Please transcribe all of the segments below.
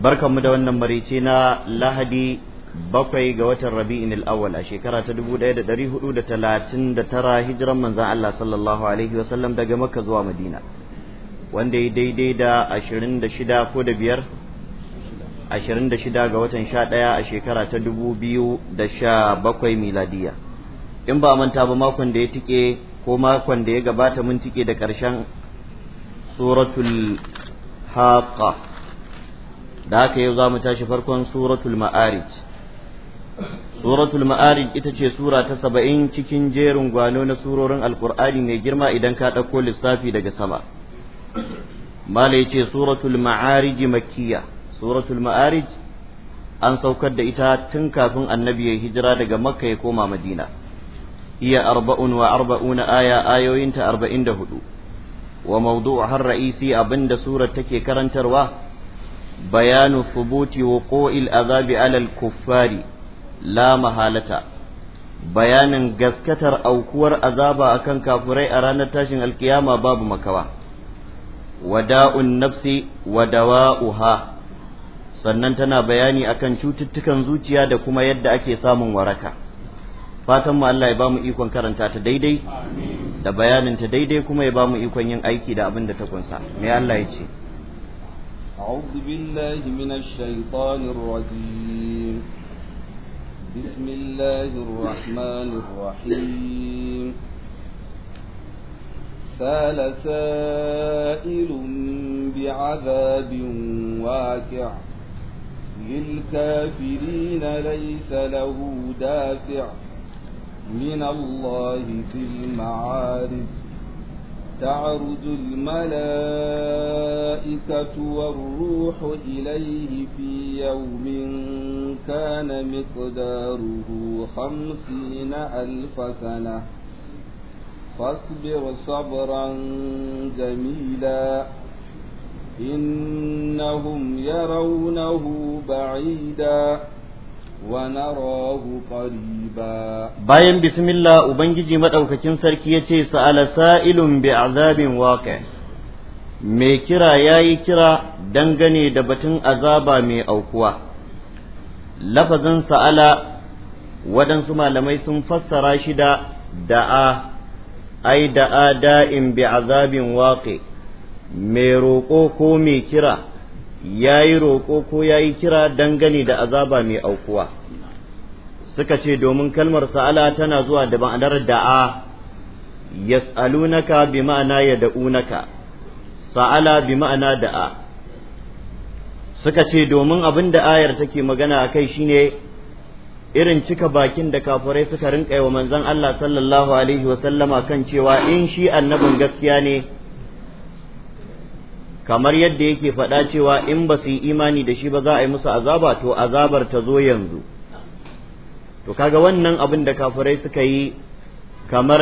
barkanmu da wannan marice na lahadi bakwai ga watan rabi'in al'awwal a shekara ta dubu ɗaya da ɗari hudu da talatin da tara hijiran manzan Allah sallallahu alaihi wasallam daga makka zuwa madina wanda ya daidai da ashirin da shida ko da biyar ashirin da shida ga watan sha ɗaya a shekara ta dubu biyu da sha bakwai miladiya in ba manta ba makon da ya tike ko makon da ya gabata mun tike da ƙarshen suratul haqa da haka yau za mu tashi farkon suratul ma'arij suratul ma'arij ita ce sura ta saba'in cikin jerin gwano na surorin alkur'ani mai girma idan ka ɗauko lissafi daga sama mala ya ce suratul ma'arij makkiya suratul ma'arij an saukar da ita tun kafin annabi ya hijira daga makka ya koma madina iya arba'un wa arba'una aya ayoyinta arba'in da hudu wa har ra'isi abinda surar take karantarwa بيان ثبوت وقوع الأذاب على الكفار لا محالة bayanin gaskatar aukuwar azaba akan kafurai a ranar tashin alkiyama babu makawa وداء النفس wa sannan tana bayani akan cututtukan zuciya da kuma yadda ake samun waraka fatan mu Allah ya ba mu ikon karanta ta daidai da bayanin ta daidai kuma ya ba mu ikon yin aiki da abin da ta kunsa me Allah ya ce أعوذ بالله من الشيطان الرجيم بسم الله الرحمن الرحيم سال سائل بعذاب واقع للكافرين ليس له دافع من الله في المعارف تعرج الملائكة والروح إليه في يوم كان مقداره خمسين ألف سنة فاصبر صبرا جميلا إنهم يرونه بعيدا ونراه قريبا باين بسم الله وبنجي مدوكاكين سركي يتي سأل سائل بعذاب واقع mai kira ya yi kira dangane da batun azaba mai aukuwa lafazin sa'ala waɗansu malamai sun fassara shi da da'a ai da'a da'in bi azabin waƙe mai roƙo ko mai kira ya yi roƙo ko ya yi kira dangane da azaba mai aukuwa suka ce domin kalmar sa'ala tana zuwa da ma'anar da'a yas'alunaka bi ma'ana ya da'unaka sa'ala bi ma'ana da'a suka ce domin abin da ayar take magana a kai shine irin cika bakin da kafurai suka rinka yi wa manzon Allah sallallahu alaihi wa kan cewa in shi annabin gaskiya ne kamar yadda yake faɗa cewa in ba su yi imani da shi ba za a yi musu azaba to azabar ta zo yanzu to kaga wannan abin da kafirai suka yi kamar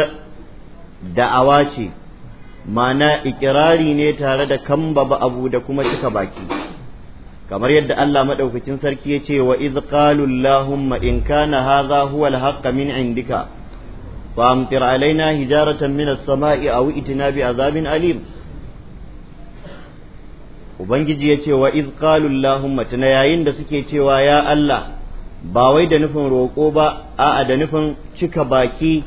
da'awa ce mana ikirari ne tare da kambaba abu da kuma cika baki kamar yadda Allah maɗaukacin sarki ya ce wa iz qalu allahumma in kana hadha huwa alhaq min indika fa amtir alaina hijaratan min as-sama'i aw itina bi azabin alim ubangiji ya ce wa iz lahumma tuna yayin da suke cewa ya Allah ba wai da nufin roƙo ba a'a da nufin cika baki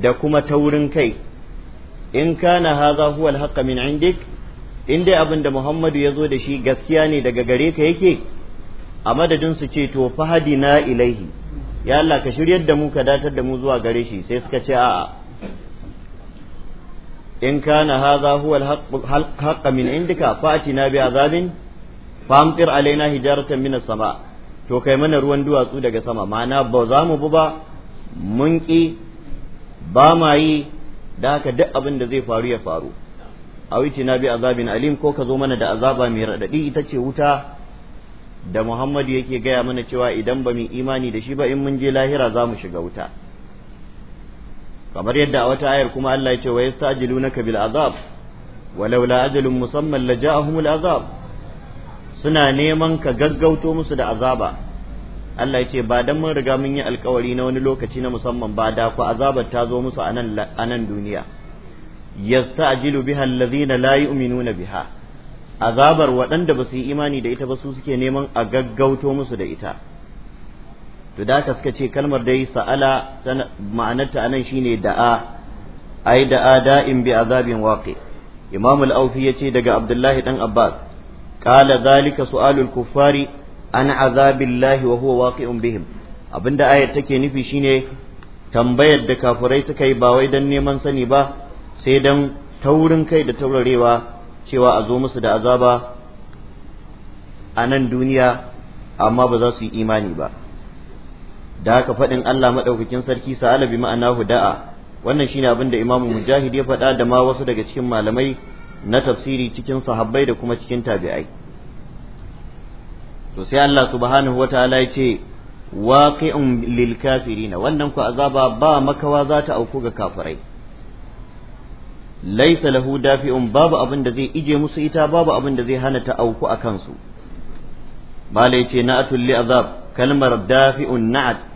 da kuma taurin kai in kana hadha huwa alhaqqa min indik in dai abin da Muhammadu ya zo da shi gaskiya ne daga gare ka yake a madadin su ce to fahadina ilaihi ya Allah ka shiryar da mu ka datar da mu zuwa gare shi sai suka ce a'a in kana hadha huwa al-haqq min indika fa'tina bi azabin famtir alaina hijaratan min as-sama to kai mana ruwan duwatsu daga sama ma'ana ba za mu bu ba mun ki ba ma yi da haka duk abin da zai faru ya faru na bi azabin alim ko ka zo mana da azaba mai radadi ita ce wuta da muhammadu yake gaya mana cewa idan ba mu imani da shi ba in mun je lahira za mu shiga wuta kamar yadda a wata ayar kuma Allah ya ce wa yastajilunaka bil azab walau la ajalun musamman la ja'ahumul azab suna neman ka gaggauto musu da azaba Allah ya ce ba dan mun riga mun yi alkawari na wani lokaci na musamman ba da ku azabar ta zo musu anan anan duniya yasta'jilu biha allazina la yu'minuna biha azabar waɗanda ba su yi imani da ita ba su suke neman a gaggauto musu da ita to da suka ce kalmar dai sa'ala ma'anarta anan shine da'a ai da'a da'in bi azabin waqi imam al-aufi yace daga abdullahi dan abbas qala zalika su'alul kuffari an azabillahi wa huwa waqi'un bihim abinda ayat take nufi shine tambayar da kafirai suka yi ba wai dan neman sani ba sai dan taurin kai da taurarewa cewa a zo musu da azaba a nan duniya amma ba za su yi imani ba da haka faɗin Allah maɗaukakin sarki sa'ala bi ma'ana huda'a wannan shine abin da Imam Mujahid ya faɗa da ma wasu daga cikin malamai na tafsiri cikin sahabbai da kuma cikin tabi'ai to sai Allah subhanahu wataala ya ce waqi'un lil kafirina wannan ku azaba ba makawa za ta auku ga kafirai laisa lahu dafi'un babu abin da zai ije musu ita babu abin da zai hana ta auku a kansu bala yace na'atul li azab kalmar dafi'un na'at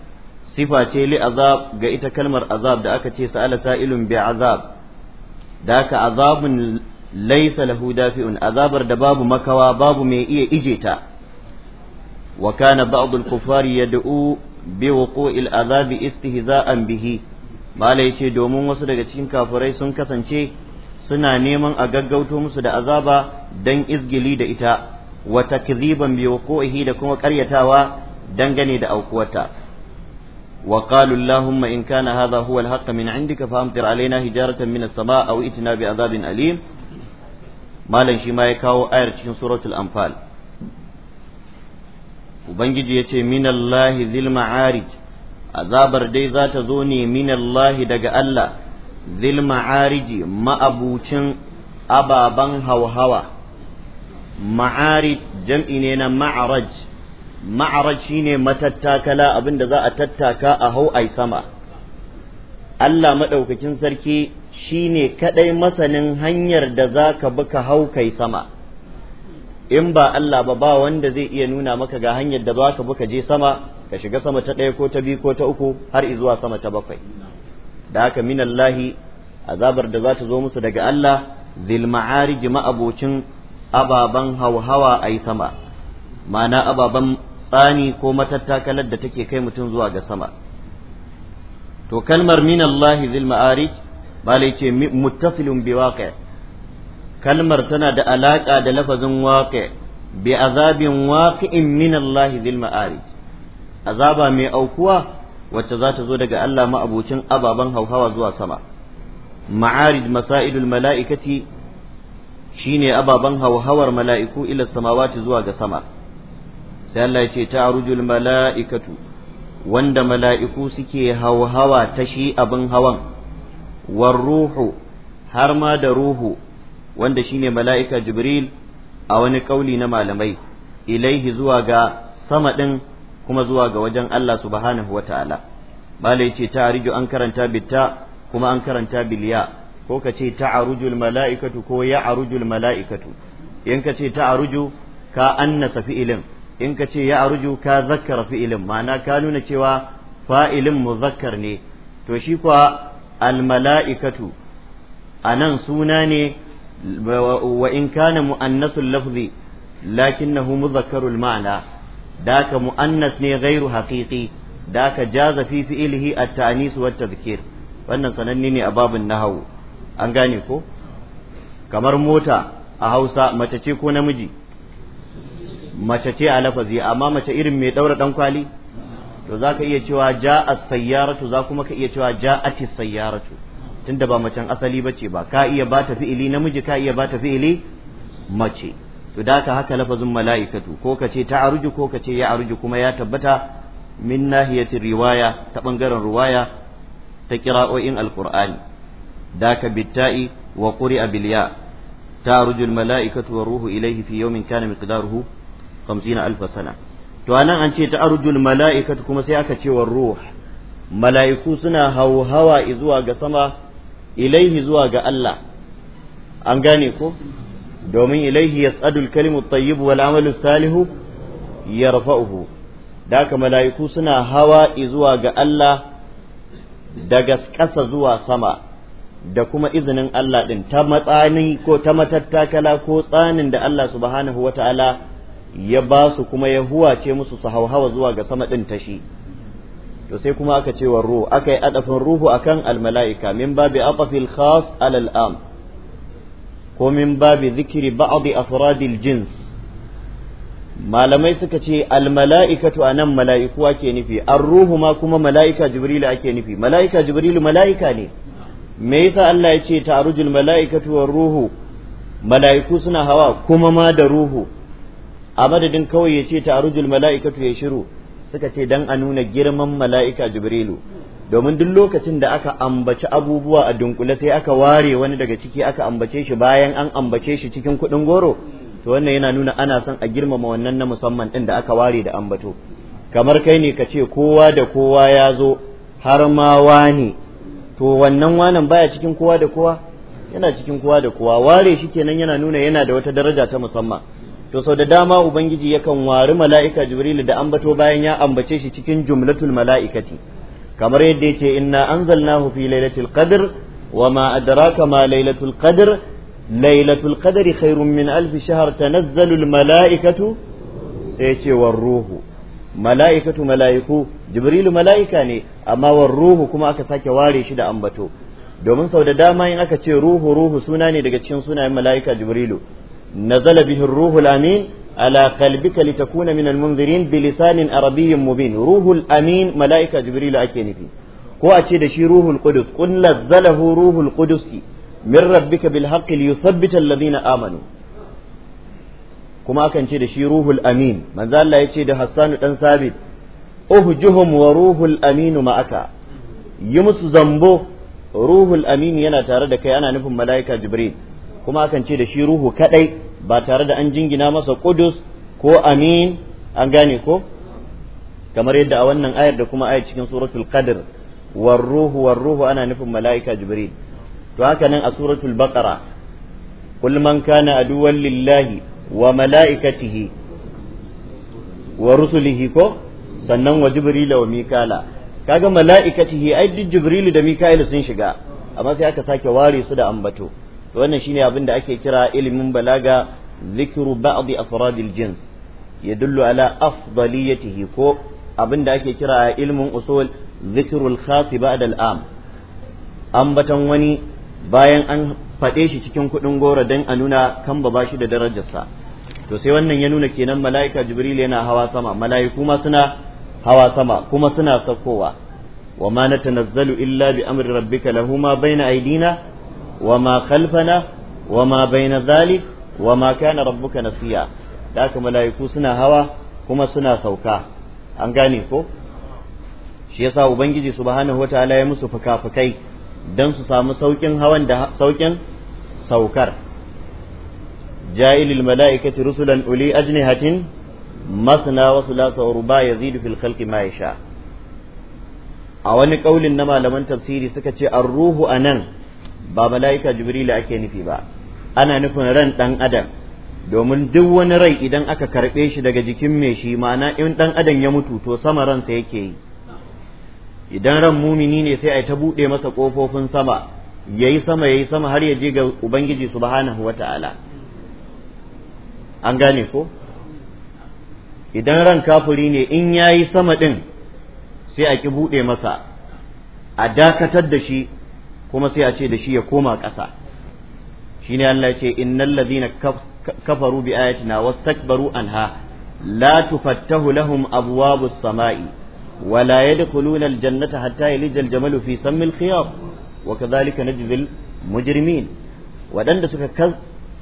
sifa ce li azab ga ita kalmar azab da aka ce sa'ala sa'ilun bi azab da aka azabun laysa lahu dafi'un azabar da babu makawa babu mai iya ijeta wakana wa kana ba'd al-kuffari yad'u bi wuqu'i al-azab istihza'an bihi mala yace domin wasu daga cikin kafirai sun kasance suna neman a gaggauto musu da azaba dan izgili da ita wa takziban bi wuqu'ihi da kuma ƙaryatawa dangane da aukuwarta وقالوا اللهم إن كان هذا هو الحق من عندك فأمطر علينا هجارة من السماء أو ائتنا بعذاب أليم malam shi ya kawo ayar cikin suratul anfal ubangiji ya ce minallahi zil ma'arij azabar dai zata zo ne minallahi daga Allah zil ma'ariji ma'abucin ababan hauhawa ma'arij jam'i ne na ma'araj ma'araj shine matattakala abinda za a tattaka a hau ai sama Allah maɗaukakin sarki shine kaɗai masanin hanyar da za ka bi ka hau kai sama in ba Allah ba ba wanda zai iya nuna maka ga hanyar da za ka bi ka je sama ka shiga sama ta ɗaya ko ta biyu ko ta uku har zuwa sama ta bakwai da haka minallahi azabar da za ta zo musu daga Allah zil ma'arij ma'abocin ababan hauhawa ai sama ma'ana ababan tsani ko matattakalar da take kai mutum zuwa ga sama to kalmar min Allah zil ma'arij malai ce muttasilun bi waqi kalmar tana da alaka da lafazin waqi bi azabin waqi'in min Allah zil ma'arij azaba mai aukuwa wacce za ta zo daga Allah ma'abucin ababen hauhawa zuwa sama ma'arij masailul mala'ikati shine ababen hauhawar mala'iku ila samawati zuwa ga sama sai Allah ya ce ta'rujul mala'ikatu wanda mala'iku suke hauhawa ta shi abin hawan war ruhu har ma da ruhu wanda shine mala'ika jibril a wani kauli na malamai ilaihi zuwa ga sama ɗin kuma zuwa ga wajen Allah subhanahu ta'ala malai ce ta'ruju an karanta bitta kuma an karanta biliya ko ka ce arujul mala'ikatu ko ya arujul mala'ikatu in ka ce ta'aruju ka annasa fi'ilin in ka ce ya aruju ka zakkara fi'ilin ma'ana ka nuna cewa fa'ilin muzakkar ne to shi kuwa almala'ikatu a nan suna ne wa in kana mu'annasul lafzi lakinnahu muzakkarul ma'ana daka mu'annas ne ghairu da daka jaza fi fi'ilihi at-ta'nis wata tadhkir wannan sananne ne a babin nahawu an gane ko kamar mota a Hausa mace ce ko namiji mace ce a lafazi amma mace irin mai daura dan kwali to za ka iya cewa ja a sayyaratu za kuma ka iya cewa ja a sayyaratu tunda ba macen asali ba ce ba ka iya ba ta fi'ili namiji ka iya ba ta fi'ili mace to da ka haka lafazin mala'ikatu ko ka ce ta aruju ko ka ce ya aruju kuma ya tabbata min nahiyatin riwaya ta bangaren riwaya ta kira'o'in alqur'ani da ka bitta'i wa quri'a bil ya ta aruji mala'ikatu wa ruhu ilayhi fi yawmin kana miqdaruhu hamsina alfa sana to anan an ce ta arjul mala'ikatu kuma sai aka ce wa ruh mala'iku suna hauhawa zuwa ga sama ilaihi zuwa ga Allah an gane ko domin ilaihi yas'adul kalimu tayyib wal amalu salihu yarfa'uhu da haka mala'iku suna hawa izuwa ga Allah daga ƙasa zuwa sama da kuma izinin Allah ɗin ta matsani ko ta matattakala ko tsanin da Allah subhanahu wa ta'ala ya ba su kuma ya huwace musu su hauhawa zuwa ga sama ɗin tashi to sai kuma aka ce wa ruhu aka yi adafin ruhu akan almala'ika min babi atafil khas alal am ko min babi zikiri ba'adi afradil jins malamai suka ce almala'ikatu a nan mala'iku ake nufi an ruhu ma kuma mala'ika jibrilu ake nufi mala'ika jibrilu mala'ika ne me yasa Allah ya ce ta'arujul mala'ikatu war ruhu mala'iku suna hawa kuma ma da ruhu a madadin kawai ya ce ta'arujul mala'ikatu ya shiru suka ce dan a nuna girman mala'ika jibrilu domin duk lokacin da aka ambaci abubuwa a dunkule sai aka ware wani daga ciki aka ambace shi bayan an ambace shi cikin kuɗin goro to wannan yana nuna ana son a girmama wannan na musamman ɗin da aka ware da ambato kamar kai ne ka ce kowa da kowa ya zo har ma ne to wannan wanan baya cikin kowa da kowa yana cikin kowa da kowa ware shi kenan yana nuna yana da wata daraja ta musamman to sau da dama ubangiji yakan wari mala'ika jibrilu da ambato bayan ya ambace shi cikin jumlatul mala'ikati kamar yadda yace inna anzalnahu fi lailatul qadr wa ma adraka ma lailatul qadr lailatul qadri khairum min alf shahr tanazzalul mala'ikatu sai yace war ruhu mala'ikatu mala'iku jibrilu mala'ika ne amma war ruhu kuma aka sake ware shi da ambato domin sau da dama in aka ce ruhu ruhu suna ne daga cikin sunayen mala'ika jibrilu nazala bihi ruhul amin ala qalbika litakuna min almunzirin bilisanin arabiyyin mubin ruhul amin mala'ika jibril ake nufi ko a ce da shi ruhul qudus qul nazzalahu ruhul qudusi min rabbika bil haqqi liyuthabbita alladhina amanu kuma akan ce da shi ruhul amin ya ce da Hassanu dan Sabit uhjuhum wa ruhul amin ma'aka yi musu zambo ruhul yana tare da kai ana nufin mala'ika jibril kuma akan ce da shi ruhu kadai ba tare da an jingina masa kudus ko amin an gane ko kamar yadda a wannan ayar da kuma ayar cikin suratul qadr war ruhu war ruhu ana nufin malaika jibril to haka nan a suratul baqara qul man kana aduwan lillahi wa malaikatihi wa rusulihi ko sannan wa jibril wa mikala kaga malaikatihi ai duk jibril da mikail sun shiga amma sai aka sake ware su da ambato wannan shine abin da ake kira ilimin balaga zikru ba'd afradil jins yadullu ala afdaliyatihi ko abin da ake kira ilmin usul zikrul khas ba'd al am ambatan wani bayan an faɗe shi cikin kuɗin goro don a nuna kan ba shi da darajarsa to sai wannan ya nuna kenan mala'ika jibril yana hawa sama mala'iku ma suna hawa sama kuma suna saukowa wa ma natanazzalu illa bi amri rabbika lahu ma baina aydina وما خلفنا وما بين ذلك وما كان ربك نسيا ذاك ملائكو سنا هوا كما سنا سوكا an gane ko shi yasa ubangiji subhanahu wataala ya musu fuka-fukai don su samu saukin hawan da saukin saukar ja'ilil mala'ikati rusulan uli ajnihatin masna wa thulatha wa ruba yazidu fil khalqi ma yasha a wani kaulin na malaman tafsiri suka ce an ruhu anan ba mala'ika jibrila ake nufi ba ana nufin ran dan adam domin duk wani rai idan aka karɓe shi daga jikin mai shi ma'ana in dan adam ya mutu to sama ransa yake yi idan ran mumini ne sai a ta buɗe masa ƙofofin sama yayi sama yayi sama har ya je ga ubangiji subhanahu wata'ala an gane ko idan ran kafuri ne in yayi sama din sai a ki buɗe masa a dakatar da shi kuma sai a ce da shi ya koma ƙasa shi ne Allah ce in innal na kafaru bi ayatina wastakbaru anha la tufattahu lahum abwabus samai wa la yadkhuluna aljannata hatta yalija aljamalu fi sammi alkhiyat wa kadhalika najzil mujrimin wadanda suka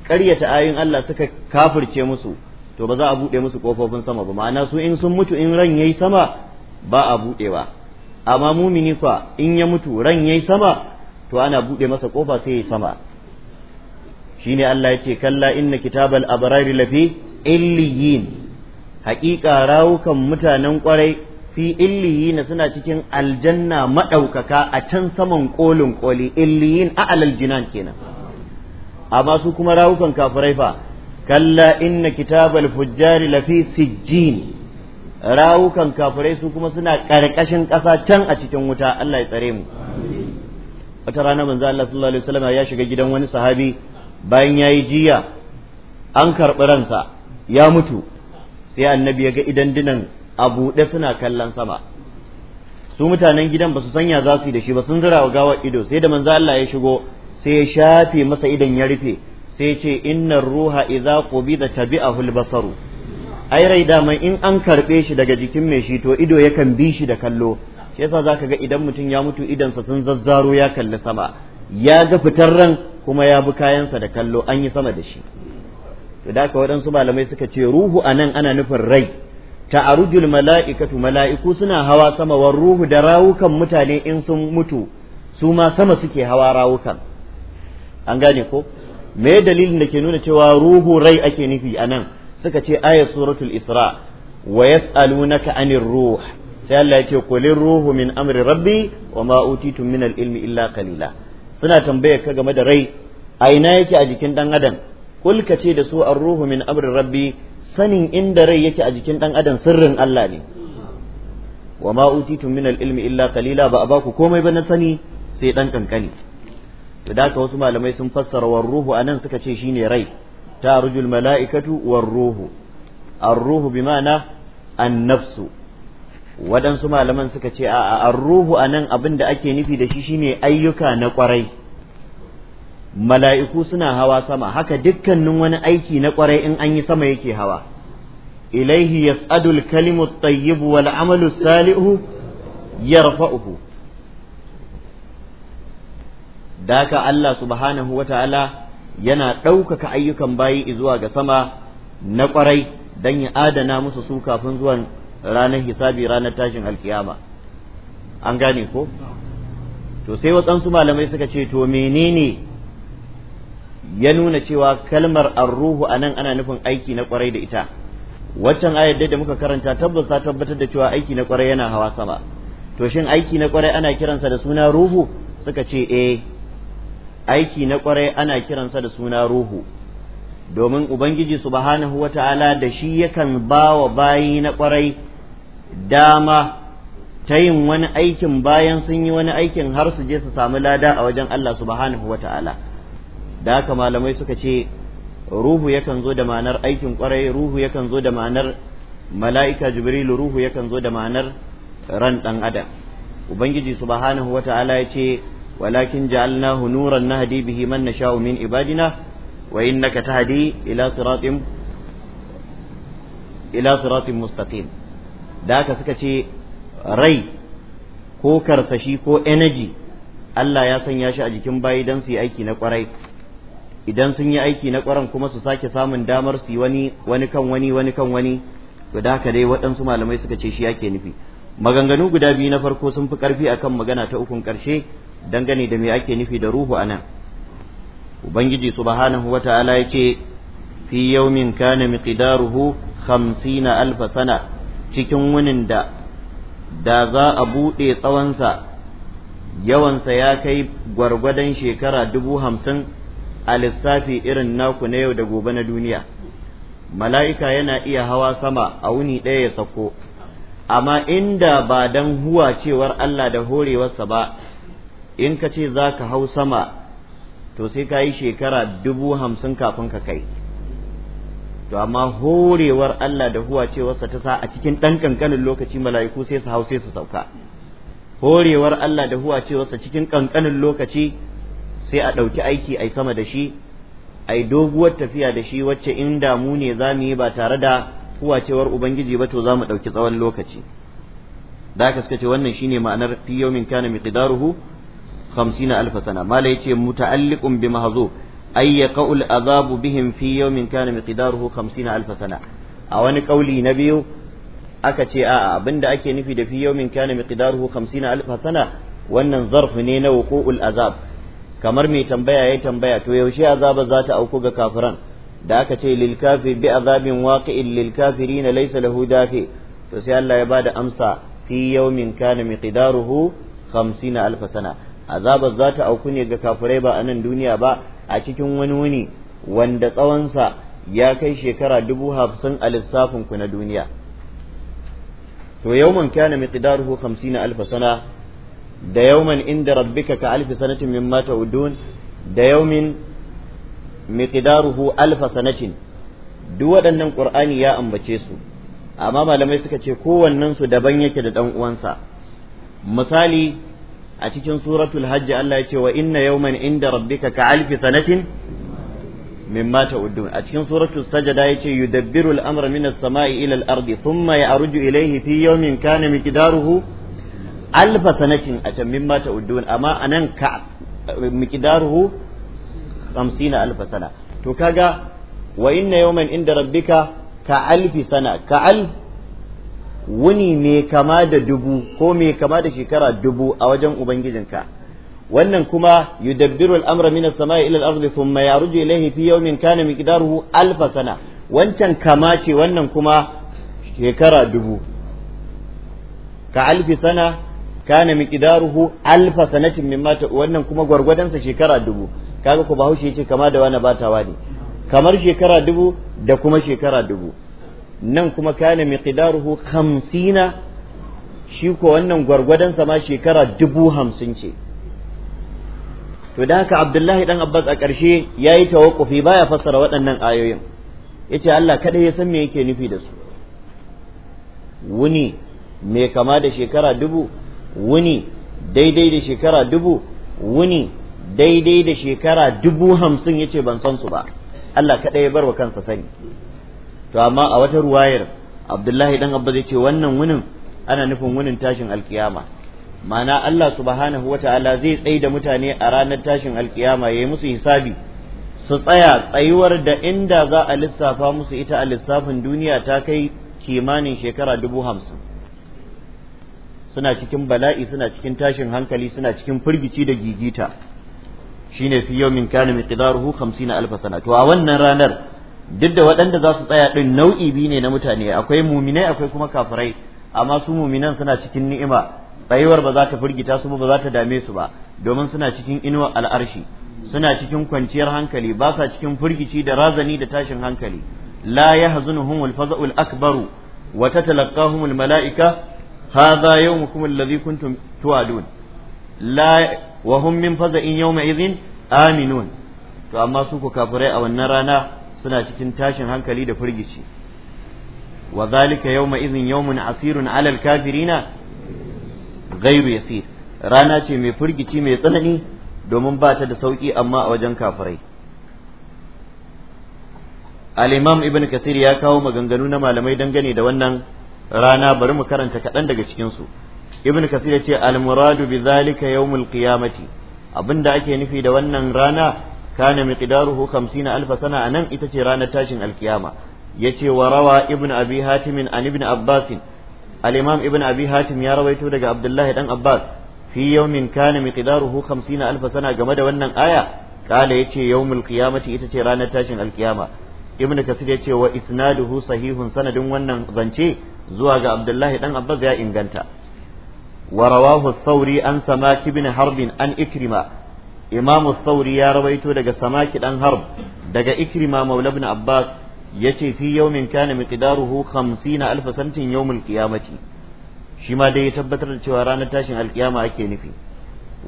karyata ayin Allah suka kafurce musu to ba za a buɗe musu kofofin sama ba ma'ana su in sun mutu in ran yayi sama ba a budewa amma mumini fa in ya mutu ran yai sama to ana buɗe masa kofa sai ya sama shine Allah ya ce kalla inna kitabal abrari lafi illiyin haƙiƙa rawukan mutanen ƙwarai fi illiyin suna cikin aljanna maɗaukaka a can saman kolin koli illiyin a alal jinan kenan amma su kuma rawukan kafirai fa kalla inna kitabal fujjari lafi sijjin rawukan kafirai su kuma suna ƙarƙashin ƙasa can a cikin wuta Allah ya tsare mu wata rana manzo Allah sallallahu alaihi wasallam ya shiga gidan wani sahabi bayan yayi jiya an karɓi ransa ya mutu sai annabi ya ga idan dinan a buɗe suna kallon sama su mutanen gidan ba su sanya za su yi da shi ba sun zira wa gawar ido sai da manzo Allah ya shigo sai ya shafe masa idan ya rufe sai ya ce innar ruha idza qubida tabi'ahu albasaru ai rai daman in an karɓe shi daga jikin mai shi to ido yakan bi shi da kallo shi yasa zaka ga idan mutum ya mutu idansa sun zazzaro ya kalli sama ya ga fitar ran kuma ya bi kayansa da kallo an yi sama da shi to da ka waɗansu malamai suka ce ruhu anan ana nufin rai ta'arujul mala'ikatu mala'iku suna hawa sama wa ruhu da rawukan mutane in sun mutu su ma sama suke hawa rawukan an gane ko me dalilin da ke nuna cewa ruhu rai ake nufi anan suka ce ayat suratul isra wa yas'alunaka anir ruh sai Allah ya ce qulir ruhu min amri rabbi wa ma utitum min ilmi illa qalila suna tambayar ka game da rai a ina yake a jikin dan adam kul ka ce da su ar-ruhu min amri rabbi sanin inda rai yake a jikin dan adam sirrin Allah ne wa ma utitum min ilmi illa qalila ba a baku komai ba na sani sai dan kankani da da wasu malamai sun fassara war ruhu anan suka ce shine rai ta rujul mala'ikatu war ruhu ar-ruhu bima'ana an-nafsu waɗansu malaman suka ce a ruhu a nan abin da ake nufi da shi shine ayyuka na ƙwarai mala'iku suna hawa sama haka dukkanin wani aiki na ƙwarai in an yi sama yake hawa ilaihi yas'adul kalimus tayyibu wal amalu salihu yarfa'uhu daka Allah subhanahu ta’ala yana ɗaukaka ayyukan bayi zuwa ga sama na ƙwarai don ya adana musu su kafin zuwan ranar hisabi ranar tashin alkiyama an gane ko to sai waɗansu malamai suka ce to menene ya nuna cewa kalmar arruhu anan ana nufin aiki na kwarai da ita waccan ayar da muka karanta tabbas ta tabbatar da cewa aiki na kwarai yana hawa sama to shin aiki na kwarai ana kiransa da suna ruhu suka ce eh aiki na kwarai ana kiransa da suna ruhu domin Ubangiji subhanahu wa ta'ala da shi yakan ba wa bayi na kwarai. dama ta yin wani aikin bayan sun yi wani aikin har su je su samu lada a wajen Allah subhanahu wa ta'ala da haka malamai suka ce ruhu yakan zo da ma'anar aikin kwarai ruhu yakan zo da ma'anar mala'ika jibrilu ruhu yakan zo da ma'anar ran ɗan adam ubangiji subhanahu wa ta'ala ya ce walakin ja'alnahu na hadi bihi man ibadina wa innaka tahdi ila ila siratin mustaqim da haka suka ce rai ko karsashi ko energy Allah ya sanya shi a jikin bayi don su yi aiki na kwarai idan sun yi aiki na kwaran kuma su sake samun damar su yi wani wani kan wani wani kan wani to da haka dai waɗansu malamai suka ce shi yake nufi maganganu guda biyu na farko sun fi ƙarfi akan magana ta ukun ƙarshe dangane da me ake nufi da ruhu anan ubangiji subhanahu wata'ala ya ce fi yawmin kana miqdaruhu 50 alf sana cikin wunin da da za a buɗe tsawonsa yawansa ya kai gwargwadon shekara dubu hamsin a lissafi irin naku na yau da gobe na duniya mala'ika yana iya hawa sama a wuni ɗaya ya sako amma inda ba dan huwa cewar Allah da horewarsa ba in ka ce za ka hau sama to sai ka yi shekara dubu hamsin kafin ka kai to amma horewar Allah da huwa wasa ta sa a cikin ɗan ƙanƙanin lokaci mala'iku sai su hau sai su sauka horewar Allah da huwa wasa cikin ƙanƙanin lokaci sai a ɗauki aiki ai sama da shi ai doguwar tafiya da shi wacce in damu ne za mu yi ba tare da huwacewar ubangiji ba to za mu ɗauki tsawon lokaci da aka suka ce wannan shine ma'anar fi yawmin kana miqdaruhu 50 alf sana mala yace muta'alliqun bi mahzuf ay yaqul azabu bihim fi yawmin kana miqdaruhu 50 alf a wani kauli na biyu aka ce a'a abinda ake nufi da fi yawmin kana miqdaruhu 50 alf wannan zarf ne na wuqu'ul azab kamar mai tambaya ya tambaya to yaushe azaba za ta auku ga kafiran da aka ce lil kafir bi azabin waqi'in lil kafirin laysa lahu dafi to sai Allah ya bada amsa fi yawmin kana miqdaruhu 50 alf sana azabar za ta auku ne ga kafirai ba a nan duniya ba a cikin wani wuni wanda tsawonsa ya kai shekara dubu hafsin a lissafin ku na duniya to yawman kana miqdaruhu hamsin alf sana da yawman inda rabbika ka alf sanatin mata ta'udun da yawmin miqdaruhu sanatin duk waɗannan qur'ani ya ambace su amma malamai suka ce kowannensu daban yake da dan uwansa misali a cikin suratul hajji Allah ya ce wa inna yawman inda rabbika ka alfi sanatin mimma ta'uddun a cikin suratul sajada ya ce yudabbiru al-amra min as-sama'i ila al-ardi thumma ya'ruju ilayhi fi yawmin kana miqdaruhu alfa sanatin a can mimma ta'uddun amma anan ka miqdaruhu 50 alfa sana to kaga wa inna yawman inda rabbika ka alfi sana ka alf wuni mai kama da dubu ko mai kama da shekara dubu a wajen ubangijinka wannan kuma yudabbiru al'amra min as-sama'i ila al-ardi thumma yaruju ilayhi fi yawmin kana miqdaruhu alf sana wancan kama ce wannan kuma shekara dubu ka alf sana kana miqdaruhu alf sanatin mimma wannan kuma gwargwadon sa shekara dubu kaga ko bahaushe yace kama da wani batawa ne kamar shekara dubu da kuma shekara dubu nan kuma kana miqdaruhu 50 shi ko wannan gwargwadon sa ma shekara dubu hamsin ce to da haka abdullahi dan abbas a karshe yayi yi tawakkufi baya fassara waɗannan ayoyin yace allah kaɗai ya san me yake nufi da su wuni me kama da shekara dubu wuni daidai da shekara dubu wuni daidai da shekara dubu hamsin ya ban san su ba allah kaɗai ya bar wa kansa sani to amma a wata ruwayar abdullahi dan abba zai ce wannan wunin ana nufin wunin tashin alkiyama ma'ana Allah subhanahu wata'ala zai tsaye da mutane a ranar tashin alkiyama ya yi musu hisabi su tsaya tsayuwar da inda za a lissafa musu ita a lissafin duniya ta kai kimanin shekara dubu hamsin suna cikin bala'i suna cikin tashin hankali suna cikin firgici da gigita shine fi yawmin kana miqdaruhu 50 alf sana to a wannan ranar duk da waɗanda za su tsaya ɗin nau'i biyu ne na mutane akwai muminai akwai kuma kafirai amma su muminan suna cikin ni'ima tsayuwar ba za ta firgita su ba za ta dame su ba domin suna cikin inuwar al'arshi suna cikin kwanciyar hankali ba sa cikin firgici da razani da tashin hankali la hazunu al-faza'ul akbaru wa tatalaqahum malaika hadha yawmukum alladhi kuntum tu'adun la wa hum min faza'in yawma idhin aminun to amma su ku kafirai a wannan rana suna cikin tashin hankali da firgici wa zalika yawma idhin yawmun asirun alal kafirina ghayru yasir rana ce mai firgici mai tsanani domin ba ta da sauki amma a wajen kafirai al-imam ibn kasir ya kawo maganganu na malamai dangane da wannan rana bari mu karanta kaɗan daga cikin su ibn kasir ya ce al-muradu bi zalika yawmul qiyamati abinda ake nufi da wannan rana kana miqdaruhu 50 alf sana anan ita ce ranar tashin alkiyama yace wa rawa ibn abi hatim an abbas al ibn abi ya rawaito daga abdullahi dan abbas fi yawmin kana miqdaruhu 50 alf sana game da wannan aya kala yace yawmul qiyamati ita ce ranar tashin alkiyama ibn kasir yace wa isnaduhu sahihun sanadin wannan zance zuwa ga abdullahi dan abbas ya inganta ورواه الثوري عن سماك بن حرب عن إكرمة imamu sauri ya rawaito daga samaki dan harb daga ikrima maula ibn abbas yace fi yawmin kana miqdaruhu 50 alf santin yawmul qiyamati shi ma dai ya tabbatar da cewa ranar tashin alkiyama ake nufi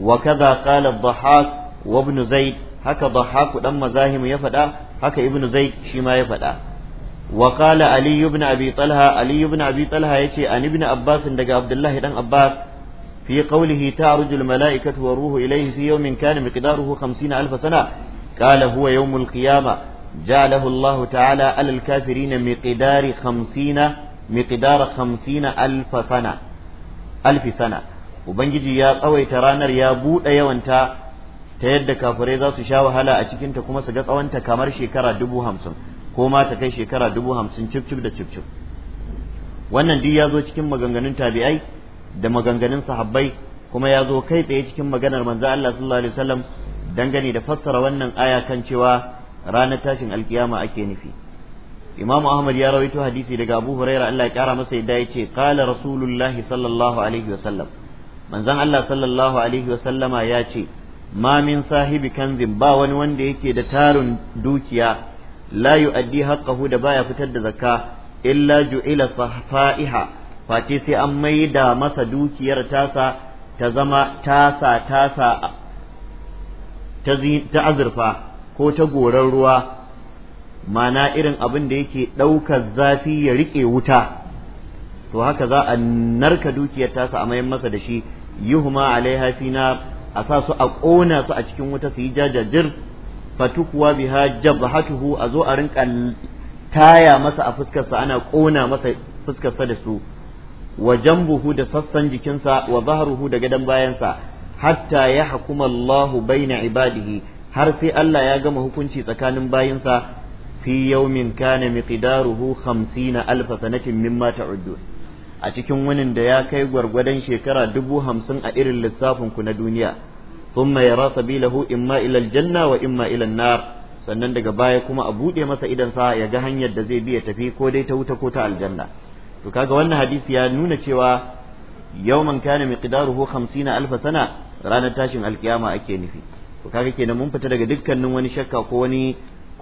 wa kaza qala ad-dhahhak wa ibn zaid haka dhahhak dan mazahim ya faɗa haka ibn zaid shi ma ya faɗa wa qala ali ibn abi talha ali ibn abi talha yace an ibn abbas daga abdullahi dan abbas في قوله تعرج الملائكة وروه إليه في يوم كان مقداره خمسين ألف سنة قال هو يوم القيامة جعله الله تعالى على الكافرين مقدار خمسين مقدار خمسين ألف سنة ألف سنة وبنجي يا قوي ترانر يا بود أيوانتا ta yadda kafirai za su sha wahala a cikinta kuma su ga tsawonta kamar shekara dubu hamsin ko ma ta kai shekara dubu hamsin cif da cif wannan duk ya zo cikin maganganun tabi'ai da maganganun sahabbai kuma ya zo kai tsaye cikin maganar manzo Allah sallallahu alaihi wasallam dangane da fassara wannan aya kan cewa ranar tashin alkiyama ake nufi Imam Ahmad ya rawaito hadisi daga Abu Huraira Allah ya kara masa yadda yace qala rasulullahi sallallahu alaihi wasallam manzon Allah sallallahu alaihi wasallama ya ce ma min sahibi kanzin ba wani wanda yake da tarin dukiya la yu'addi haqqahu da baya fitar da zakka illa ju'ila safa'iha face sai an mai da masa dukiyar tasa ta zama tasa tasa ta azurfa ko ta goran ruwa mana irin abin da yake ɗaukar zafi ya riƙe wuta to haka za a narka dukiyar tasa a mayan masa da shi yuhuma alaiha fina a sa su a ƙona su a cikin wuta su yi jajajir fatukuwa biha jabhatuhu a zo a rinka taya masa a fuskarsa ana ƙona masa fuskarsa da su wa buhu da sassan jikinsa wa zahruhu da gadon bayansa hatta ya hakuma Allahu baina ibadihi har sai Allah ya gama hukunci tsakanin bayinsa fi yawmin kana miqdaruhu 50 alf sanatin mimma ta'uddun a cikin wunin da ya kai gwargwadon shekara dubu hamsin a irin lissafin ku na duniya thumma yara sabilahu imma ila aljanna wa imma ila nar sannan daga baya kuma a buɗe masa idan sa ya ga hanyar da zai bi ya tafi ko dai ta wuta ko ta aljanna to kaga wannan hadisi ya nuna cewa yawman kana miqdaruhu 50 alf sana ranar tashin alkiyama ake nufi to kaga kenan mun fita daga dukkanin wani shakka ko wani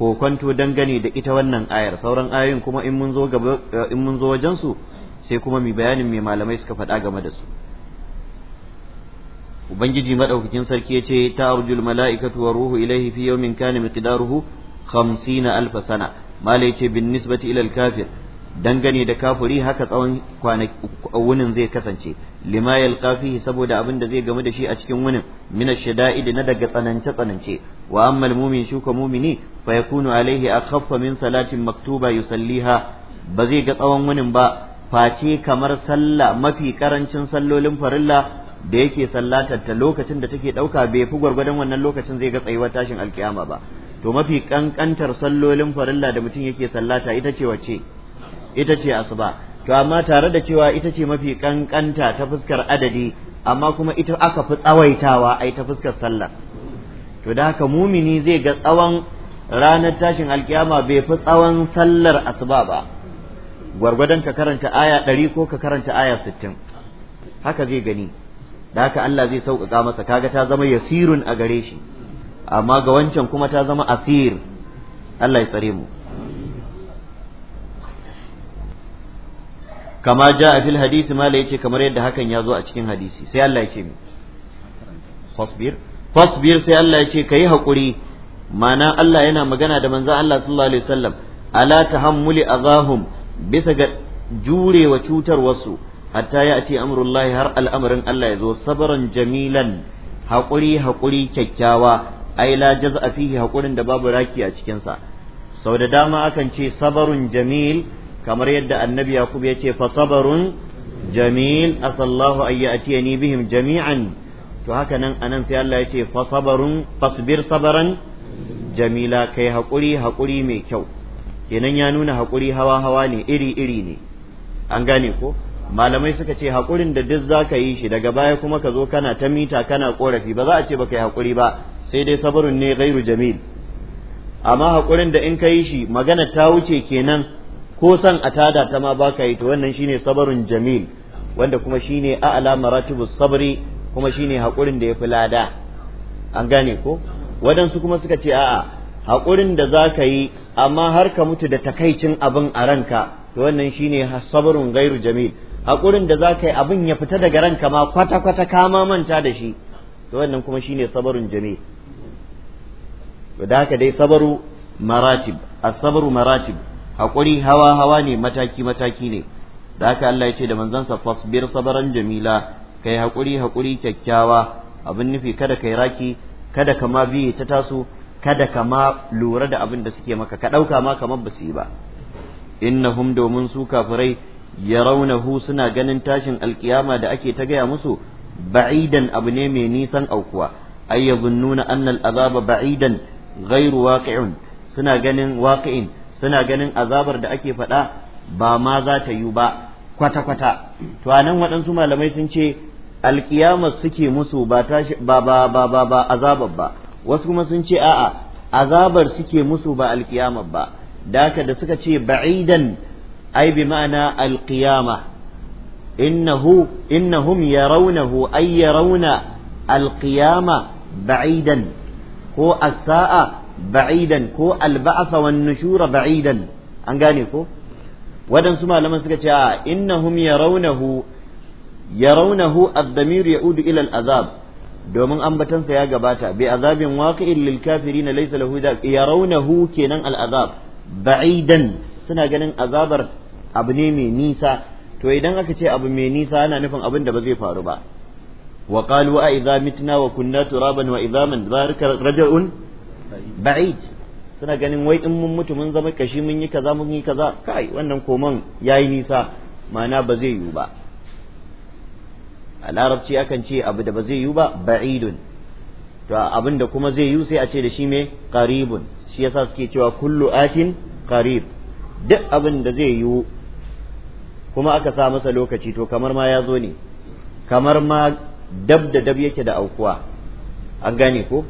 kokonto dangane da ita wannan ayar sauran ayoyin kuma in mun zo gaba in mun zo wajen su sai kuma mi bayanin mai malamai suka faɗa game da su ubangiji madaukakin sarki ya ce ta arjul mala'ikatu wa ruhu ilaihi fi yawmin kana miqdaruhu 50 alf sana malai ce bin nisbati ila kafir dangane da kafuri haka tsawon wunin zai kasance lima yalqa saboda abin da zai gamu da shi a cikin wunin min ash-shada'id na daga tsanance tsanance wa amma al-mu'min shuka mu'mini fa yakunu alaihi akhaffa min salatin maktuba yusalliha ba zai ga tsawon wunin ba face kamar sallah mafi karancin sallolin farilla da yake sallatar ta lokacin da take dauka bai fi gwargwadon wannan lokacin zai ga tsayuwar tashin alkiyama ba to mafi kankantar sallolin farilla da mutum yake sallata ita ce wacce ita ce asuba to amma tare da cewa ita ce mafi kankanta ta fuskar adadi amma kuma ita aka fi tsawaitawa ai ta fuskar sallah to da haka mumini zai ga tsawon ranar tashin alkiyama bai fi tsawon sallar asuba ba gwargwadon ka karanta aya ɗari ko ka karanta aya sittin haka zai gani da haka Allah zai sauƙaƙa masa kaga ta zama yasirun a gare shi amma ga wancan kuma ta zama asir Allah ya tsare mu kama a fil hadisi mala yace kamar yadda hakan ya zo a cikin hadisi sai Allah ya ce fasbir fasbir sai Allah ya ce kai hakuri ma'ana Allah yana magana da manzon Allah sallallahu alaihi wasallam ala tahammuli azahum bisa ga jurewa cutar wasu hatta ya ce amrullahi har al'amarin Allah ya zo sabaran jamilan haƙuri haƙuri kyakkyawa ai la jaz'a fihi haƙurin da babu raki a cikinsa sau da dama akan ce sabarun jamil kamar yadda annabi yakub yace fa sabarun jamil asallahu an ya'tiyani bihim jami'an to haka nan anan sai Allah yace fa sabarun fasbir sabaran jamila kai hakuri hakuri mai kyau kenan ya nuna hakuri hawa hawa ne iri iri ne an gane ko malamai suka ce hakurin da duk zaka yi shi daga baya kuma ka zo kana ta mita kana korafi ba za a ce baka yi hakuri ba sai dai sabarun ne gairu jamil amma hakurin da in ka yi shi magana ta wuce kenan ko san a tada ta ma ba ka yi to wannan shine sabarun jamil wanda kuma shine a'la maratibus sabri kuma shine hakurin da yafi lada an gane ko waɗansu kuma suka ce a'a hakurin da zaka yi amma har ka mutu da takaicin abin a ranka to wannan shine sabrun gairu jamil hakurin da zaka yi abin ya fita daga ranka ma kwata kwata ka ma manta da shi to wannan kuma shine sabarun jamil to da haka dai sabaru maratib as-sabru maratib hakuri hawa hawa ne mataki mataki ne da haka Allah ya ce da manzansa fasbir sabaran jamila kai hakuri hakuri kyakkyawa abin nufi kada kai raki kada ka ma biye ta taso kada ka ma lura da abin da suke maka ka ɗauka ma kamar ba su yi ba innahum domin su kafirai yarawnahu suna ganin tashin alkiyama da ake ta gaya musu ba'idan abu ne mai nisan aukuwa ay yazunnuna anna al'azaba ba'idan ghairu waqi'un suna ganin waqi'in suna ganin azabar da ake faɗa ba ma za ta yi ba kwata-kwata to a nan waɗansu malamai sun ce alƙiyama suke musu ba ba ba ba ba azabar ba wasu kuma sun ce a'a azabar suke musu ba alkiyamar ba da haka da suka ce ba'idan ai bi ma'ana alkiyama innahu innahum yarawnahu ay yarawna alqiyama ba'idan ko as-sa'a ba'idan ko alba'asa wan nushura ba'idan an gane ko waɗansu malaman suka ce a innahum yarawnahu yarawnahu ad-damir ya'udu ila al-azab domin ambatansa ya gabata bi azabin waqi'in lil kafirin laysa lahu da yarawnahu kenan al-azab ba'idan suna ganin azabar abu ne mai nisa to idan aka ce abu mai nisa ana nufin abin da ba zai faru ba wa qalu a idza mitna wa kunna turaban wa idza man raja'un ba'id suna ganin wai in mun mutu mun zama kashi mun yi kaza mun yi kaza kai wannan koman yayi nisa ma'ana ba zai yiwu ba a larabci akan ce abu da ba zai yiwu ba ba'idun to abin kuma zai yiwu sai a ce da shi me qaribun shi yasa suke cewa kullu atin qarib duk abin da zai yiwu kuma aka sa masa lokaci to kamar ma ya zo ne kamar ma dab da dab yake da aukuwa an gane ko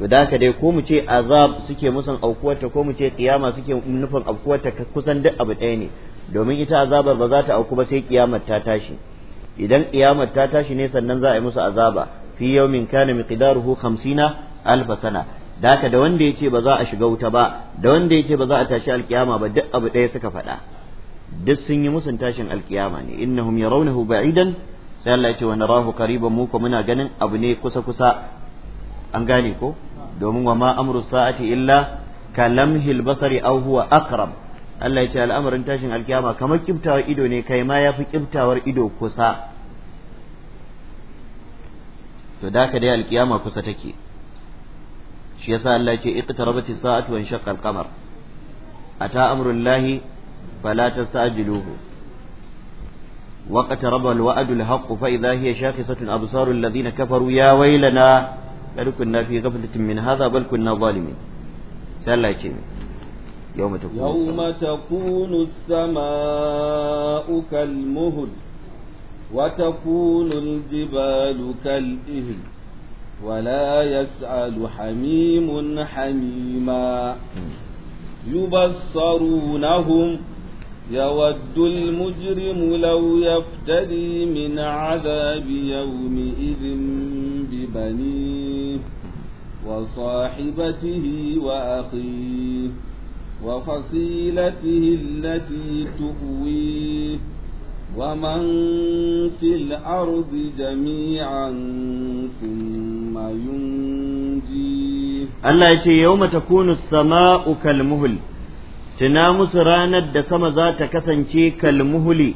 to da ka dai ko mu ce azab suke musun aukuwarta ko mu ce kiyama suke nufin aukuwarta kusan duk abu ɗaya ne domin ita azabar ba za ta auku ba sai kiyamar ta tashi idan kiyamar ta tashi ne sannan za a yi musu azaba fi yawmin kana miqdaruhu 50 alf sana da haka da wanda yace ba za a shiga wuta ba da wanda ce ba za a tashi alkiyama ba duk abu ɗaya suka faɗa duk sun yi musun tashin alkiyama ne innahum yarawnahu ba'idan sai Allah ya ce wa narahu qariban mu ko muna ganin abu ne kusa kusa an gane ko domin wa ma amru sa'ati illa ka kalamhil basari aw huwa aqrab Allah ya ce al'amarin tashin alkiyama kamar kiftawar ido ne kai ma yafi kiftawar ido kusa to da ka dai alkiyama kusa take shi yasa Allah ya ce iqtarabati sa'atu wa shaqqa al-qamar ata amrul lahi fala tastajiluhu واقترب الوعد الحق فإذا هي شاخصة أبصار الذين كفروا يا ويلنا بل كنا في غفلة من هذا بل كنا ظالمين سأل يوم تكون يوم تكون السماء كالمهل وتكون الجبال كالإهل ولا يسأل حميم حميما يبصرونهم يود المجرم لو يفتدي من عذاب يومئذ ببنيه وصاحبته وأخيه وفصيلته التي تؤويه ومن في الأرض جميعا ثم ينجيه الله يقول يوم تكون السماء كالمهل tuna musu ranar da sama za ta kasance kalmuhuli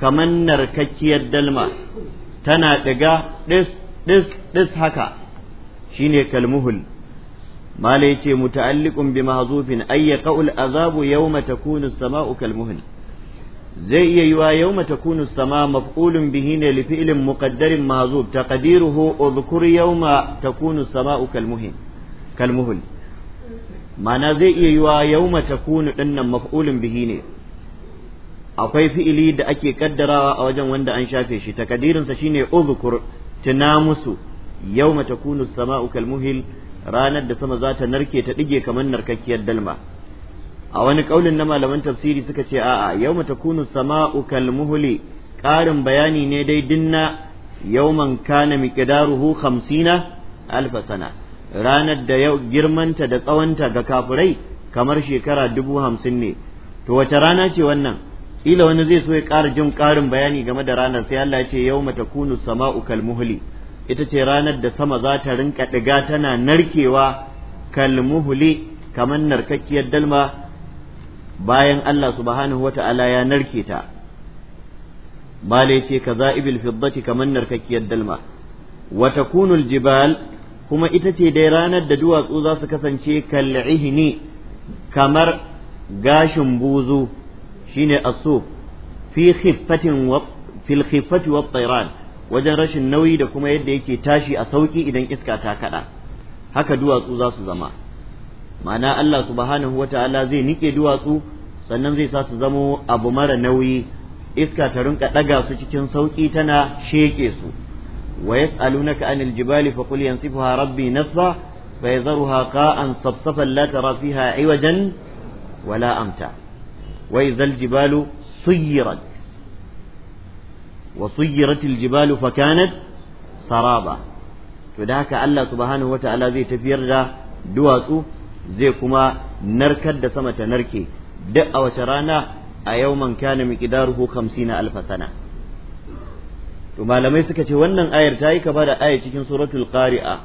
kamar narkakkiyar dalma tana ɗiga ɗis ɗis ɗis haka shine kalmuhul mala yace muta'alliqun bi mahzufin ayya qaul azabu yawma takunu as-sama'u kalmuhul zai iya yiwa yawma takunu sama maf'ulun bihi ne li fi'lin muqaddarin mahzub taqdiruhu udhkur yawma takunu as-sama'u kalmuhul ma'ana zai iya yiwa yauma takunu dinnan maf'ulun bihi ne akwai fi'ili da ake kaddarawa a wajen wanda an shafe shi takadirinsa shine uzkur tuna musu yauma takunu sama'u kalmuhil ranar da sama za ta narke ta ɗige kamar narkakkiyar dalma a wani kaulin na malaman tafsiri suka ce a'a yauma takunu sama'u kalmuhli ƙarin bayani ne dai dinna yauman kana miqdaruhu 50 alfa sana ranar da yau girmanta da tsawonta ga kafirai kamar shekara dubu hamsin ne to wace rana ce wannan ila wani zai so ya ƙara jin ƙarin bayani game da ranar sai Allah ce yau mata kunu sama'u kalmuhuli ita ce ranar da sama za ta rinka ɗiga tana narkewa kalmuhuli kamar narkakkiyar dalma bayan Allah subhanahu wata'ala ya narke ta bale ce ka za'ibil fiddati kamar narkakkiyar dalma wa takunul jibal kuma ita ce dai ranar da duwatsu za su kasance kal'ihni kamar gashin buzu shine asu fi khiffatin wa fil khiffati wa tayran wajen rashin nauyi da kuma yadda yake tashi a sauki idan iska ta kada haka duwatsu za su zama ma'ana Allah subhanahu wata'ala zai nike duwatsu sannan zai sa su zamo abu mara nauyi iska ta rinka daga su cikin sauki tana sheke su ويسألونك عن الجبال فقل ينصفها ربي نصفا فيذرها قاء صفصفا لا ترى فيها عوجا ولا أمتع وإذا الجبال صيرت وصيرت الجبال فكانت سرابا فذاك الله سبحانه وتعالى ذي تفير دواسو زي كما نركد سمت نركي دأ وترانا أيوما كان مقداره خمسين ألف سنة to malamai suka ce wannan ayar ta yi kaba da ayar cikin suratul qari'a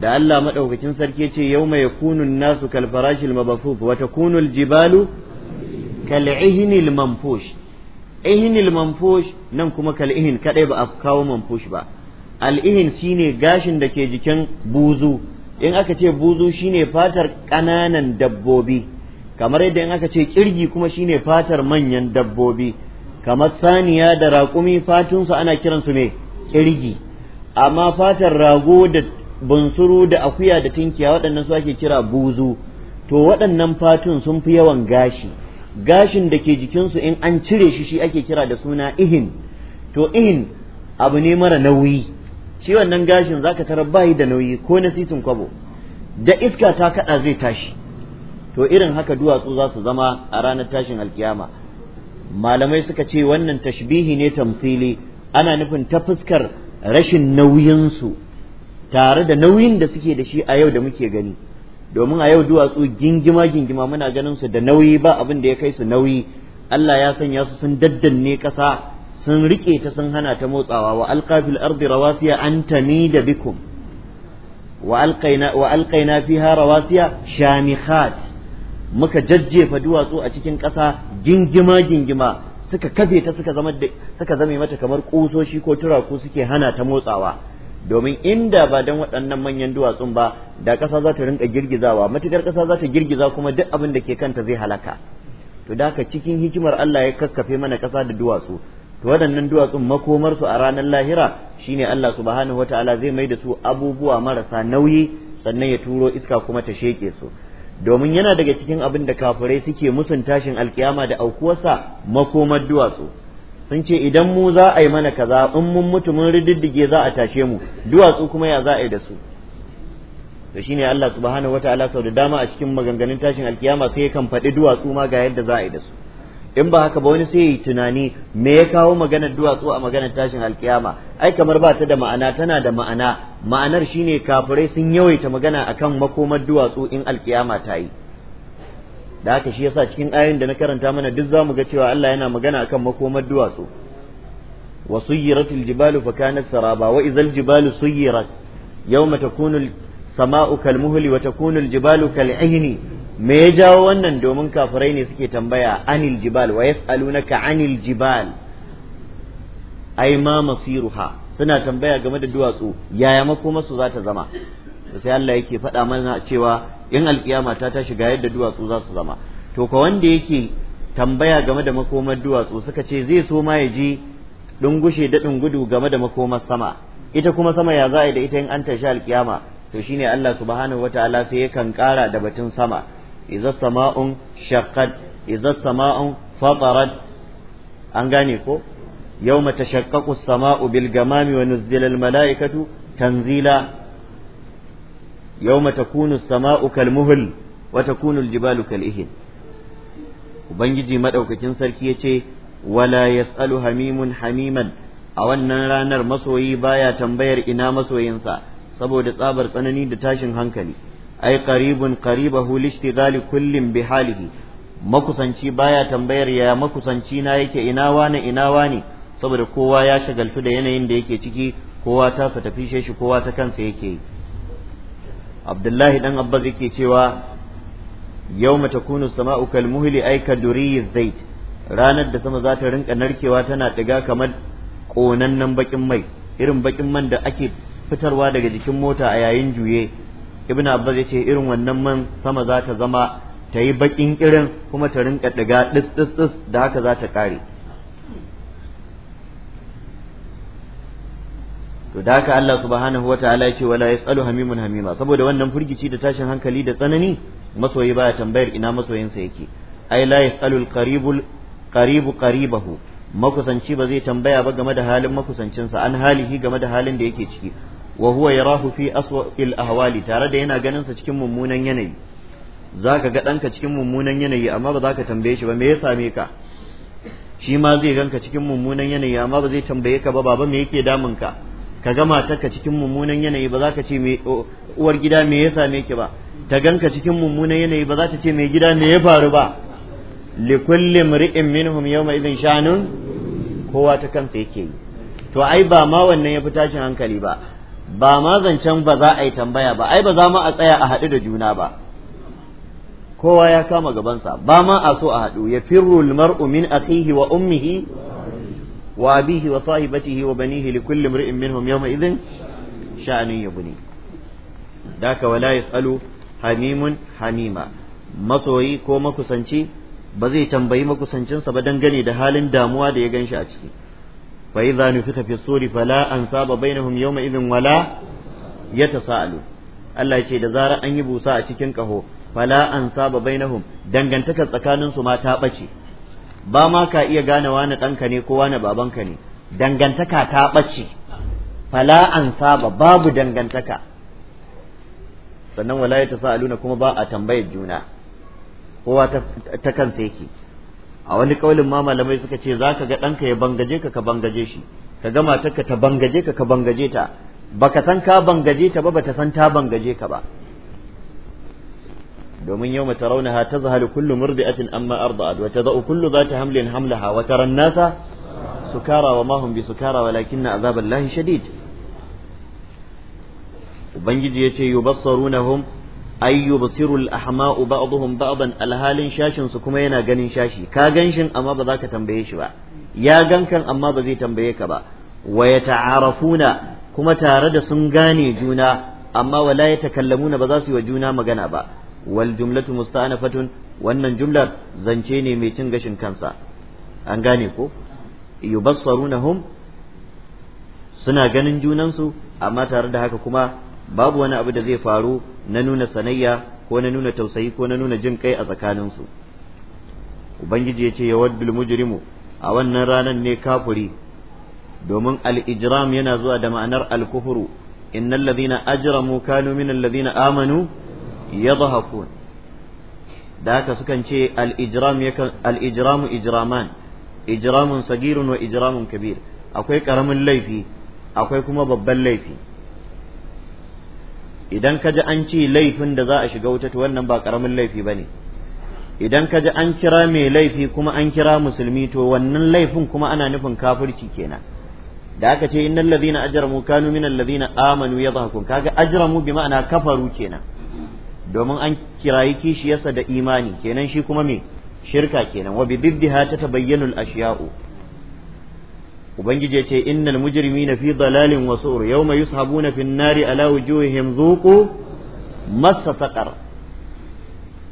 da Allah madaukakin sarki ce yawma yakunu nasu kal farashil mabthuf wa takunu jibalu kal ihnil manfush ihnil manfush nan kuma kal ihn kadai ba a kawo manfush ba al ihn shine gashin da ke jikin buzu in aka ce buzu shine fatar kananan dabbobi kamar yadda in aka ce kirgi kuma shine fatar manyan dabbobi kamar saniya da raƙumi fatunsu ana kiransu me ƙirgi amma fatar rago da bunsuru da akuya da tinkiya waɗannan su ake kira buzu to waɗannan fatun sun fi yawan gashi gashin da ke jikinsu in an cire shi shi ake kira da suna ihin to ihin abu ne mara nauyi shi wannan gashin zaka tara bayi da nauyi ko na sisin kwabo da iska ta kaɗa zai tashi to irin haka duwatsu za su zama a ranar tashin alkiyama malamai suka ce wannan tashbihi ne tamsili ana nufin ta fuskar rashin nauyinsu tare da nauyin da suke da shi a yau da muke gani domin a yau duwatsu gingima gingima muna ganin su da nauyi ba abin da ya kai su nauyi Allah ya sanya su sun daddanne ƙasa sun rike ta sun hana ta motsawa wa alqafil ardi rawasiya an tamida bikum wa alqaina wa alqaina fiha rawasiya shamikhat muka jajjefa duwatsu a cikin ƙasa gingima gingima suka kafe ta suka zama suka zame mata kamar ƙusoshi ko turaku suke hana ta motsawa domin inda ba dan waɗannan manyan duwatsun ba da ƙasa za ta rinka girgizawa matukar ƙasa za ta girgiza kuma duk abin da ke kanta zai halaka to da haka cikin hikimar Allah ya kakkafe mana ƙasa da duwatsu to waɗannan duwatsun su a ranar lahira shine Allah subhanahu wataala zai mai da su abubuwa marasa nauyi sannan ya turo iska kuma ta sheke su domin yana daga cikin abin da kafirai suke musun tashin alkiyama da aukuwarsa makomar duwatsu sun ce idan mu za a yi mana kaza in mun mutu mun rididdige za a tashe mu duwatsu kuma ya za a yi da su to shine Allah subhanahu wataala sau da dama a cikin maganganun tashin alkiyama sai kan faɗi duwatsu ma ga yadda za a yi da su in ba haka ba wani sai yi tunani me ya kawo maganar duwatsu a maganar tashin alkiyama ai kamar ba ta da ma'ana tana da ma'ana ma'anar shine kafirai sun yawaita magana akan makomar duwatsu in alkiyama ta yi da haka shi yasa cikin ayoyin da na karanta mana duk zamu ga cewa Allah yana magana akan makomar duwatsu wa suyyiratil jibalu fa kanat saraba wa izal jibalu suyirat yawma takunu samau muhli, wa takunu al jibalu kal'ihni me ya jawo wannan domin kafirai ne suke tambaya anil jibal wa yas'alunaka anil jibal ai ma masiruha suna tambaya game da duwatsu yaya makomarsu za ta zama sai Allah yake faɗa mana cewa in alƙiyama ta tashi ga yadda duwatsu za su zama to ka wanda yake tambaya game da makomar duwatsu suka ce zai so ma ya ji dungushe da dungudu game da makomar sama ita kuma sama ya za a da ita in an tashi alkiyama to shine Allah subhanahu wataala sai yakan ƙara da batun sama idza sama'un shaqqat idza sama'un fatarat an gane ko yawma tashaqqaqu as-sama'u bil gamami wa nuzila al mala'ikatu tanzila yawma takunu as-sama'u kal muhl wa takunu al jibalu kal ihil ubangiji madaukakin sarki yace wala yas'alu hamimun hamiman a wannan ranar masoyi baya tambayar ina masoyinsa saboda tsabar tsanani da tashin hankali ai qaribun qaribahu lishtigali kullin bihalihi makusanci baya tambayar ya makusanci na yake ina wane ina wane saboda kowa ya shagaltu da yanayin da yake ciki kowa ta sa tafi shi kowa ta kansa yake yi abdullahi dan abbas yake cewa yawma takunu sama'u kal muhli ay kaduri zait ranar da sama za ta rinka narkewa tana diga kamar konannen bakin mai irin bakin man da ake fitarwa daga jikin mota a yayin juye ibn abbas yace irin wannan man sama za ta zama ta yi bakin kirin kuma ta rinka diga dis dis dis da haka za ta kare to da haka Allah subhanahu wataala yace wala yasalu hamimun hamima saboda wannan furgici da tashin hankali da tsanani masoyi baya tambayar ina masoyinsa yake ai la yasalu alqaribul qaribu qaribahu makusanci ba zai tambaya ba game da halin makusancinsa an halihi game da halin da yake ciki wa huwa yarahu fi aswa'il ahwali tare da yana ganin sa cikin mummunan yanayi zaka ga danka cikin mummunan yanayi amma ba za ka tambaye shi ba me ya same ka shi ma zai ganka cikin mummunan yanayi amma ba zai tambaye ka ba baba me yake damun ka ka ga matarka cikin mummunan yanayi ba za ka ce me uwar gida me ya same ki ba ta ganka cikin mummunan yanayi ba za ta ce me gida me ya faru ba li kulli mri'in minhum yawma idhin shanun kowa ta kansa yake yi to ai ba ma wannan ya fi tashin hankali ba ba ma zancen ba za a yi tambaya ba ai ba za ma a tsaya a haɗu da juna ba kowa ya kama gabansa ba ma a so a haɗu ya firru mar'u min akhihi wa ummihi wa abihi wa sahibatihi wa banihi li kulli mar'in minhum yawma idhin sha'anin yabni daka wala yasalu hamimun hamima masoyi ko makusanci ba zai tambayi makusancinsa ba dan dangane da halin damuwa da ya ganshi a ciki fa idza nufika fi suri fala ansaba bainahum yawma idhin wala yatasaalu Allah yace da zarar an yi busa a cikin kaho fala ansaba bainahum dangantaka tsakaninsu su ma ta bace ba ma ka iya gane wani ɗanka ne ko wani babanka ne dangantaka ta bace fala ansaba babu dangantaka sannan wala yatasaaluna kuma ba a tambayar juna kowa ta kansa yake a wani kaulin ma malamai suka ce zaka ga ɗanka ya bangaje ka ka bangaje shi ka ga matarka ta bangaje ka ka bangaje ta baka san ka bangaje ta ba bata san ta bangaje ka ba domin yau mata ha ta zahalu kullu murdi'atin amma arda'at wa zau kullu zata hamlin hamlaha wa ran nasa sukara wa mahum bi sukara azabar lahi shadid ubangiji ya yace yubassarunahum ay yubsiru al-ahma'u ba'dhum ba'dan alhalin shashin su kuma yana ganin shashi ka ganshin amma ba za ka tambaye shi ba ya gankan amma ba zai tambaye ka ba wa yata'arafuna kuma tare da sun gane juna amma wala yatakallamuna ba za su yi wa juna magana ba wal jumlatu musta'anafatun wannan jumlar zance ne mai cin gashin kansa an gane ko yubassarunahum suna ganin junansu amma tare da haka kuma babu wani abu da zai faru na nuna sanayya ko na nuna tausayi ko na nuna jin kai a tsakaninsu ubangiji ya ce ya waddul mujrimu a wannan ranar ne kafuri domin al-ijram yana zuwa da ma'anar al innan innal ladhina ajramu kanu min alladhina amanu yadhhakun da haka sukan ce al ijramu ijraman ijramun sagirun wa ijramun kabir akwai karamin laifi akwai kuma babban laifi idan ka ji an ce laifin da za a shiga wuta to wannan ba karamin laifi ba ne. idan ka ji an kira mai laifi kuma an kira musulmi to wannan laifin kuma ana nufin kafirci kenan da aka ce innal ladina ajramu kanu minal ladina amanu yadhakun kaga ajramu bi ma'ana kafaru kenan domin an kirayi kishiyarsa da imani kenan shi kuma me shirka kenan wa bi biddiha tatabayyanul ashiya'u ubangiji yace innal mujrimina fi dalalin wa sur yawma yushabuna fin nari ala wujuhihim dhuqu massa saqar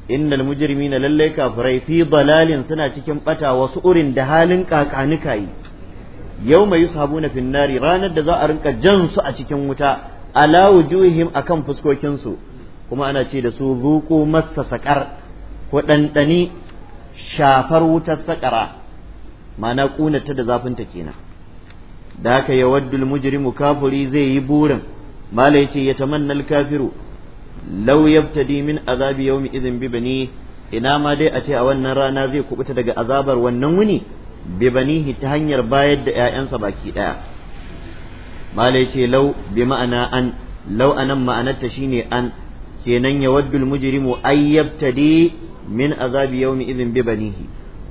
innal mujrimina lallai kafirai fi dalalin suna cikin bata wa surin da halin kakanika yi yawma yushabuna fin nari ranar da za a rinka jan su a cikin wuta ala wujuhihim akan fuskokin su kuma ana ce da su zuqu massa saqar ko dandani shafar wutar saƙara ma'ana ƙunata da zafin ta kenan da haka ya waddul mujrimu kafuri zai yi burin mala yace ya tamannal kafiru law yabtadi min azabi yawmi idhin bi bani ina ma dai a ce a wannan rana zai kubuta daga azabar wannan wuni bi banihi ta hanyar bayar da ƴaƴansa baki daya mala yace law bi ma'ana an law anan ma'anarta shine an kenan ya waddul mujrimu ay yabtadi min azabi yawmi idhin bi banihi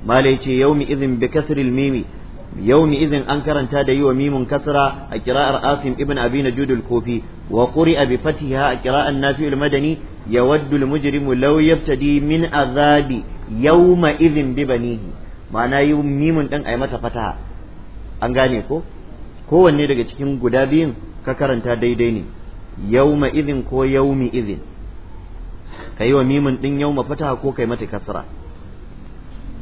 mala yace yawmi idhin bi kasril mimi yawmi izin an karanta da yiwa mimun kasra a kira'ar asim ibn abi najud al-kufi wa quri'a bi fatiha a kira'an nafi'ul madani yawaddu al-mujrimu law yaftadi min azabi yawma idhin bi banihi ma'ana yi mimun din ai mata fataha an gane ko kowanne daga cikin guda biyun ka karanta daidai ne yawma izin ko yawmi izin? kai wa mimun din yawma fataha ko kai mata kasra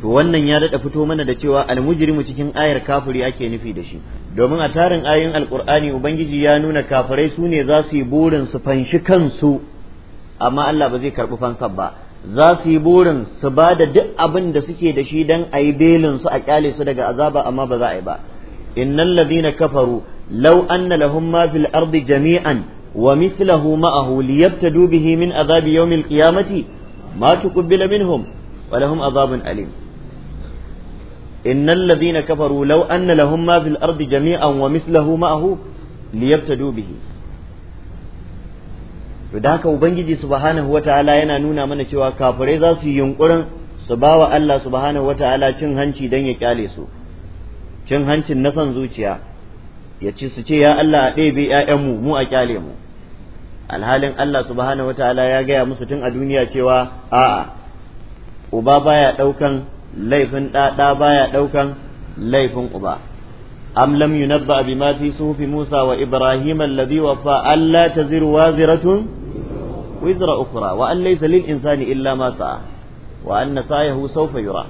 to wannan ya dada fito mana da cewa almujrimu cikin ayar kafiri ake nufi da shi domin a tarin ayoyin alqur'ani ubangiji ya nuna kafirai su ne za su yi burin su fanshi kansu amma Allah ba zai karbi fansar ba za su yi burin su ba da duk abin da suke da shi dan a yi belin su a kyale su daga azaba amma ba za a yi ba innal ladina kafaru law anna lahum ma fil ardi jami'an ومثله معه ليبتدوا azabi من عذاب يوم القيامة ما تقبل منهم ولهم عذاب أليم innal ladhina kafaru law anna lahum ma fil ardi jami'an wa mislahu ma'ahu liyabtadu bihi to da haka ubangiji subhanahu wataala yana nuna mana cewa kafurai za su yi yunkurin su ba wa Allah subhanahu wataala cin hanci dan ya kyale su cin hancin na son zuciya ya ci su ce ya Allah a ɗebe ‘ya'yanmu mu a kyale mu alhalin Allah subhanahu wataala ya gaya musu tun a duniya cewa a'a uba baya ɗaukan laifin ɗaɗa baya ɗaukan laifin uba am lam yunabba bima fi suhufi Musa wa Ibrahim alladhi wafa alla taziru waziratun wizra ukra wa an laysa lil insani illa ma sa'a wa anna sa'ahu sawfa yura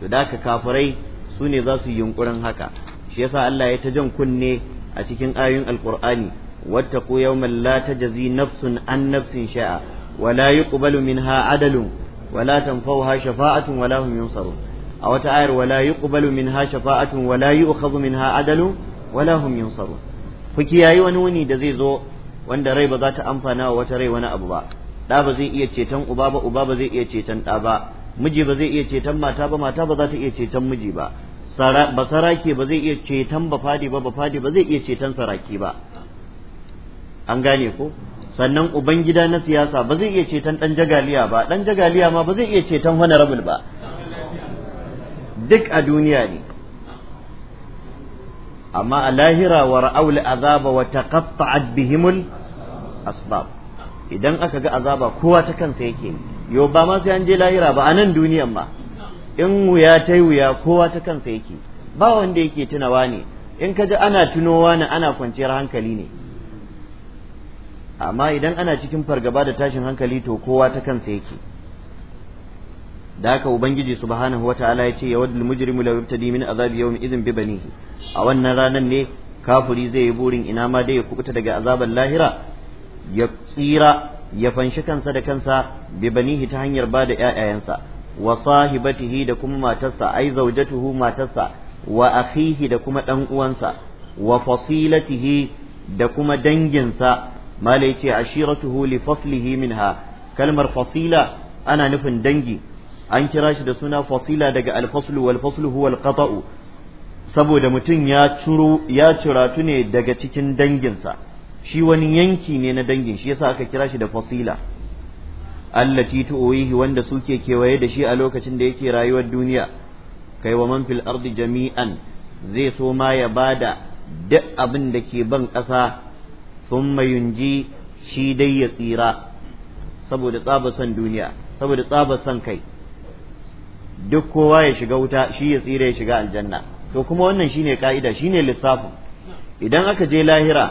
to da ka kafirai su ne za su yi yunkurin haka shi yasa Allah ya ta jan kunne a cikin ayoyin alqur'ani wattaqu yawman la tajzi nafsun an nafsin sha'a wa la yuqbalu minha adalun wala tanfa'uha shafa'atun wala hum yunsarun a wata ayar wala yuqbalu minha shafa'atun wala yu'khadhu minha adalu wala hum yunsarun ku kiyayi wani wuni da zai zo wanda rai ba za amfana wa wata rai wani abu ba ɗa ba zai iya ceton uba ba uba ba zai iya ceton ɗa ba miji ba zai iya ceton mata ba mata ba za iya ceton miji ba ba sarake ba zai iya ceton ba fadi ba ba fadi ba zai iya ceton saraki ba an gane ko sannan ubangida na siyasa ba zai iya ceton dan jagaliya ba dan jagaliya ma ba zai iya ceton honorable ba duk a duniya ne amma a lahira wa ra'aul azaba wa taqatta'at bihimul asbab idan aka ga azaba kowa ta kansa yake yo ba ma sai an je lahira ba a nan duniyan ma in wuya ta wuya kowa ta kansa yake ba wanda yake tunawa ne in ka ji ana tunowa ne ana kwanciyar hankali ne amma idan ana cikin fargaba da tashin hankali to kowa ta kansa yake da haka ubangiji subhanahu wata'ala ya ce ya wadul mujrimu la yubtadi min azabi yawmi idhin bi banihi a wannan ranan ne kafuri zai yi burin ina ma dai ya kubuta daga azaban lahira ya tsira ya fanshi kansa da kansa bi banihi ta hanyar ba da ƴaƴayensa wa sahibatihi da kuma matarsa ai zaujatuhu matarsa wa akhihi da kuma dan uwansa wa fasilatihi da kuma danginsa mala yace ashiratuhu li faslihi minha kalmar fasila ana nufin dangi an kira shi da suna fasila daga alfaslu wal faslu huwa saboda mutum ya ciro ya ciratu ne daga cikin danginsa shi wani yanki ne na dangin shi yasa aka kira shi da fasila allati tu'wihi wanda suke kewaye da shi a lokacin da yake rayuwar duniya kai wa man fil ardi jami'an zai so ma ya bada duk abin da ke ban ƙasa thumma yunji shi dai ya tsira saboda tsabar son duniya saboda tsabar son kai duk kowa ya shiga wuta shi ya tsira ya shiga aljanna to kuma wannan shine ka'ida shine lissafin idan aka je lahira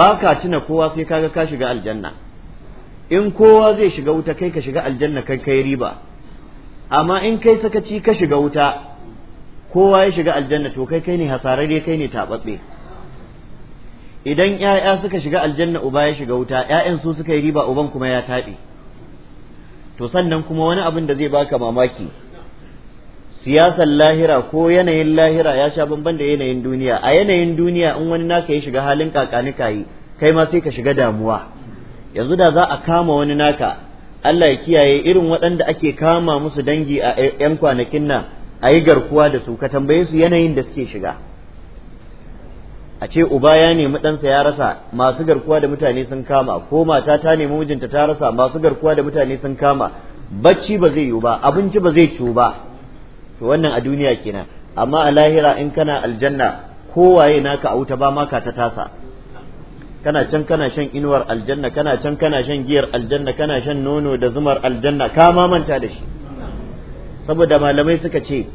ba ka tuna kowa sai kaga ka shiga aljanna in kowa zai shiga wuta kai ka shiga aljanna kai kai riba amma in kai sakaci ka shiga wuta kowa ya shiga aljanna to kai kai ne hasararre kai ne tabatse idan ‘ya'ya suka shiga aljanna uba ya shiga wuta ‘ya'yan su suka yi riba uban kuma ya taɓe to sannan kuma wani abin da zai baka mamaki siyasar lahira ko yanayin lahira ya sha bamban da yanayin duniya a yanayin duniya in wani naka ya shiga halin kakanika yi kai ma sai ka shiga damuwa yanzu da za a kama wani naka Allah ya kiyaye irin waɗanda ake kama musu dangi a 'yan kwanakin nan a yi garkuwa da su ka tambaye su yanayin da suke shiga a ce uba ya nemi ɗansa ya rasa masu garkuwa da mutane sun kama ko mata ta nemi mijinta ta rasa masu garkuwa da mutane sun kama bacci ba zai yiwu ba abinci ba zai ciwo ba to wannan a duniya kenan amma a lahira in kana aljanna kowaye naka a wuta ba ma ka ta tasa kana can kana shan inuwar aljanna kana can kana shan giyar aljanna kana shan nono da zumar aljanna ka manta da shi saboda malamai suka ce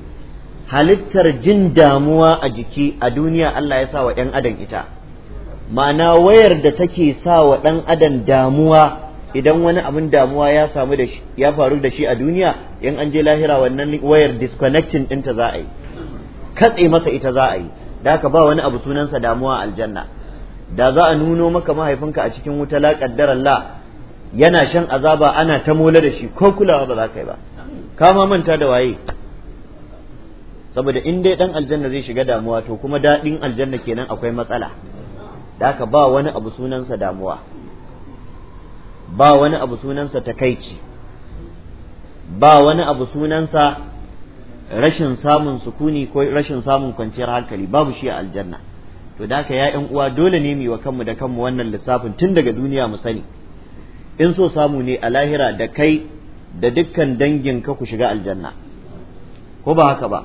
halittar jin damuwa a jiki a duniya Allah ya sa wa ɗan adam ita ma'ana wayar da take sa wa ɗan adam damuwa idan wani abin damuwa ya samu da shi ya faru da shi a duniya in an je lahira wannan wayar disconnecting ɗinta za a yi katse masa ita za a yi da haka ba wani abu sunansa damuwa aljanna da za a nuno maka mahaifinka a cikin wuta la qaddar Allah yana shan azaba ana ta mola da shi ko kulawa ba za ka yi ba ka manta da waye saboda in dai dan aljanna zai shiga damuwa to kuma daɗin aljanna kenan akwai matsala da ba wani abu sunansa damuwa ba wani abu sunansa takaici ba wani abu sunansa rashin samun sukuni ko rashin samun kwanciyar hankali babu shi a aljanna to da haka ya uwa dole ne mu wa kanmu da kanmu wannan lissafin tun daga duniya mu sani in so samu ne a lahira da kai da dukkan ka ku shiga aljanna ko ba haka ba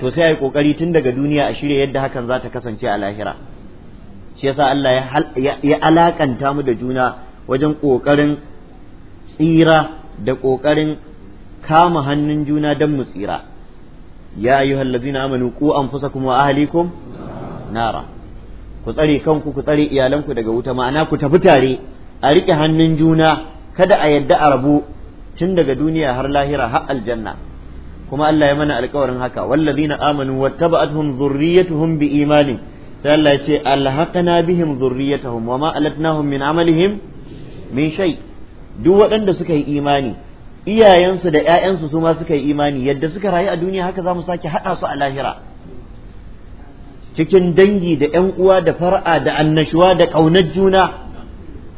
to sai ai kokari tun daga duniya a shirya yadda hakan za ta kasance a lahira shi yasa Allah ya alakanta mu da juna wajen kokarin tsira da kokarin kama hannun juna don mu tsira ya ayyuhal ladzina amanu qu anfusakum wa ahlikum nara ku tsare kanku ku tsare iyalanku daga wuta ma'ana ku tafi tare a rike hannun juna kada a yadda a rabu tun daga duniya har lahira har aljanna kuma Allah ya mana alƙawarin haka wallazina amanu wattaba'atuhum dhurriyyatuhum biimanin sai Allah ya ce alhaqna bihim dhurriyyatahum wama alatnahum min amalihim min shay duk waɗanda suka yi imani iyayensu da ƴaƴansu su ma suka yi imani yadda suka rayu a duniya haka za mu sake haɗa su a lahira cikin dangi da ƴan uwa da far'a da annashuwa da ƙaunar juna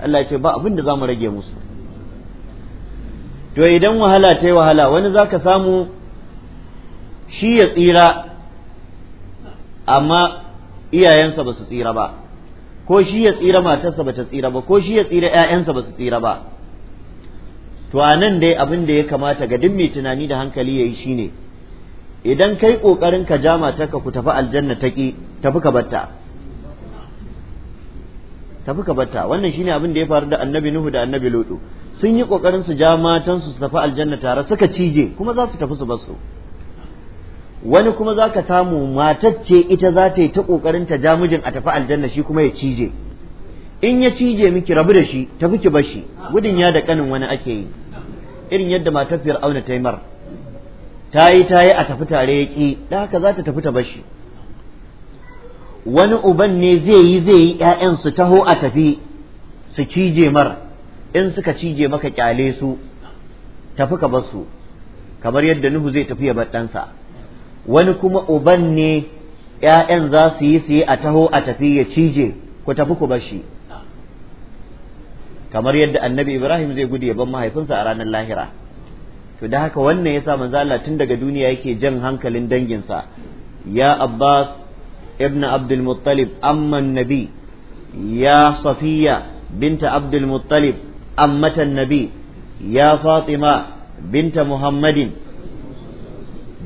Allah ya ce ba abin da za mu rage musu to idan wahala ta yi wahala wani za ka samu shi ya tsira amma iyayensa ba su tsira ba ko shi ya tsira matarsa ba ta tsira ba ko shi ya tsira 'ya'yansa ba su tsira ba to a nan dai abin da ya kamata ga duk mai tunani da hankali ya yi shine idan kai ƙoƙarin ka ja matarka ku tafi aljanna ta ki tafi ka batta tafi ka batta wannan shine abin da ya faru da annabi nuhu da annabi lutu sun yi ƙoƙarin su ja matansu su tafi aljanna tare suka cije kuma za su tafi su bar wani kuma za ka samu matacce ita za ta yi ta ƙoƙarin ta ja mijin a tafi aljanna shi kuma ya cije in ya cije miki rabu da shi tafi ki bashi gudun ya da kanin wani ake yi irin yadda matar fir'auna ta yi mar ta yi ta yi a tafi tare ya ƙi da haka za ta tafi ta bashi wani uban ne zai yi zai yi ‘ya'yan su taho a tafi su cije mar in suka cije maka kyale su tafi ka basu kamar yadda nuhu zai tafi ya bar ɗansa wani kuma uban ne ‘ya'yan za su yi su yi a taho a tafi ya cije ku tafi ku bashi kamar yadda annabi ibrahim zai gudu ya ban mahaifinsa a ranar lahira to da haka wannan yasa manzo Allah tun daga duniya yake jan hankalin danginsa ya abbas ibn abdul muttalib amman nabi ya safiya binta abdul muttalib ammatan nabi ya fatima binta muhammadin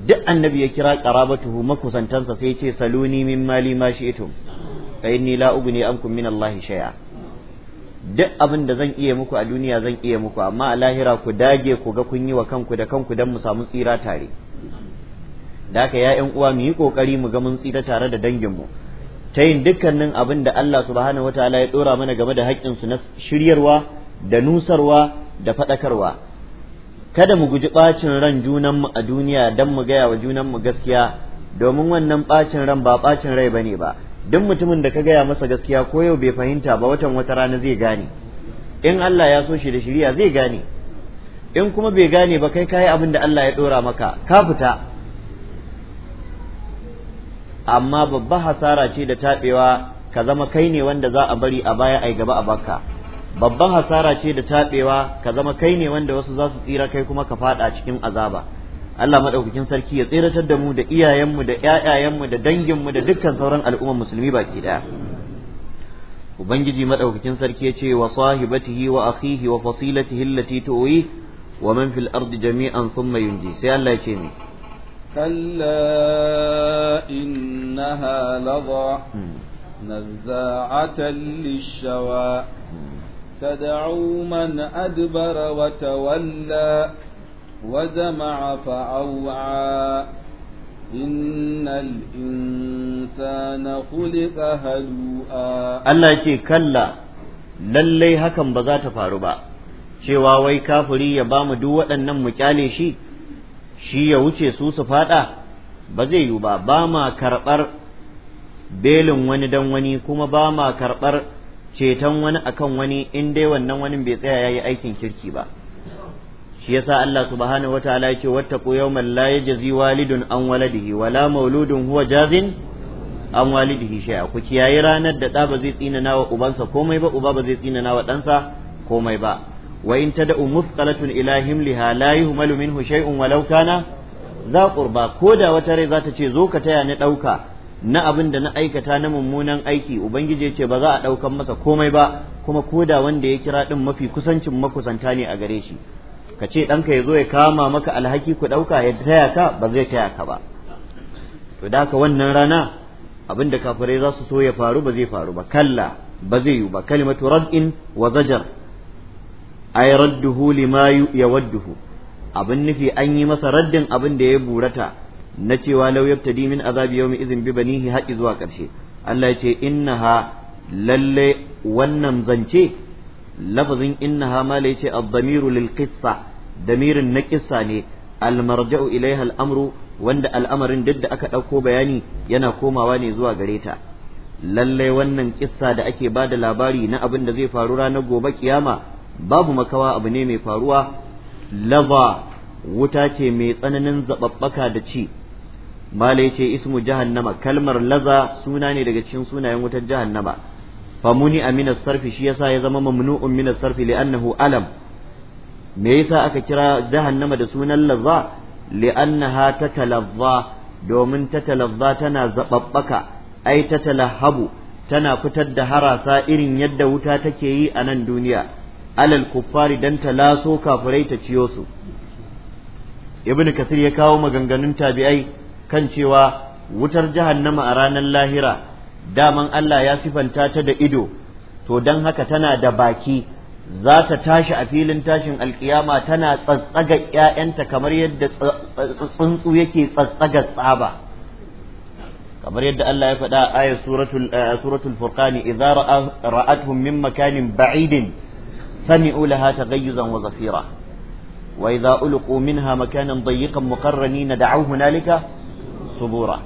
duk annabi ya kira qarabatuhu makusantansa sai ce saluni min mali ma shi'tum fa inni la ugni ankum min allahi shay'a duk abin da zan iya muku a duniya zan iya muku amma a lahira ku dage ku ga kun yi wa kanku da kanku dan mu samu tsira tare da haka ya uwa mu yi kokari mu ga mun tsira tare da danginmu ta yin dukkanin abin da Allah subhanahu wataala ya dora mana game da haƙƙinsu na shiryarwa da nusarwa da faɗakarwa kada mu guji ɓacin ran junanmu a duniya don mu gaya wa junanmu gaskiya domin wannan ɓacin ran ba ɓacin rai bane ba duk mutumin da ka gaya masa gaskiya ko yau bai fahimta ba watan wata rana zai gane in Allah ya so shi da shiriya zai gane in kuma bai gane ba kai kayi abin da Allah ya ɗora maka ka fita amma babba hasara ce da taɓewa ka zama kai ne wanda za a bari a baya ai gaba a baka babban hasara ce da taɓewa ka zama kai ne wanda wasu za su tsira kai kuma ka faɗa cikin azaba Allah maɗaukakin sarki ya tsiratar da mu da iyayenmu da ƴaƴayenmu da danginmu da dukkan sauran al'ummar musulmi baki ɗaya ubangiji maɗaukakin sarki ya ce wa sahibatihi wa akhihi wa fasilatihi allati tuwi wa man fil ardi jami'an thumma yunji sai Allah ya ce ni كلا إنها لظى نزاعة للشوى تدعو من أدبر وتولى وجمع فأوعى إن الإنسان خلق هلوءا الله يقول كلا lallai hakan ba za ta faru ba cewa wai kafuri ya bamu duk waɗannan mu ƙyale shi shi ya wuce su su faɗa? ba zai yiwu ba ba ma karɓar belin wani dan wani kuma ba ma karɓar ceton wani akan wani in dai wannan wani bai tsaya yi aikin kirki ba shi yasa Allah subhanahu wataala yake wattaqu yawman la yajzi walidun an waladihi wala mauludun huwa jazin an walidihi shay'a ku kiyaye ranar da ɗa ba zai tsina nawa ubansa komai ba uba ba zai tsinana wa ɗansa komai ba wa in tada'u mufqalatun ila himliha la yuhmalu minhu shay'un walau kana za qurba ko da wata rai za ta ce zo ka taya ni ɗauka na abin da na aikata na mummunan aiki ubangiji ya ce ba za a ɗaukan masa komai ba kuma koda wanda ya kira ɗin mafi kusancin makusanta ne a gare shi ka ce ɗanka ya zo ya kama maka alhaki ku ɗauka ya taya ka ba zai taya ka ba to da haka wannan rana abin da kafirai za su so ya faru ba zai faru ba kalla ba zai yi ba kalimatu rad'in wa zajar ay radduhu lima yawadduhu abin nufi an yi masa raddin abin da ya burata na cewa law yabtadi min azabi yawmi idhin bi banihi haqqi zuwa ƙarshe, Allah ya ce innaha lalle wannan zance lafazin innaha ma la yace ad-damiru lil qissa damirin na ƙisa ne al-marja'u ilaiha al-amru wanda al'amarin duk da aka ɗauko bayani yana komawa ne zuwa gare ta lallai wannan ƙisa da ake ba da labari na abin da zai faru ranar gobe kiyama babu makawa abu ne mai faruwa lava wuta ce mai tsananin zaɓaɓɓaka da ci mala yace ismu jahannama kalmar laza suna ne daga cikin sunayen wutar jahannama famuni amina sarfi shi yasa ya zama mamnu'un min sarfi li'annahu alam me yasa aka kira jahannama da sunan laza li'annaha tatalazza domin tatalazza tana zababbaka ai tatalahabu tana fitar da harasa irin yadda wuta take yi a nan duniya alal kuffari dan ta laso kafirai ta ciyo su ibnu kasir ya kawo maganganun tabi'ai kan cewa wutar jahannama a ranar lahira daman Allah ya sifanta ta da ido to don haka tana da baki za ta tashi a filin tashin alkiyama tana tsatsaga ‘ya'yanta kamar yadda tsuntsu yake tsatsaga tsaba kamar yadda Allah ya faɗa a ayar suratul furqani idza ra'atuhum min makanin ba'idin sami'u laha taghayyuzan wa zafira wa idza ulqu minha makanan dayyiqan muqarranina da'aw hunalika subura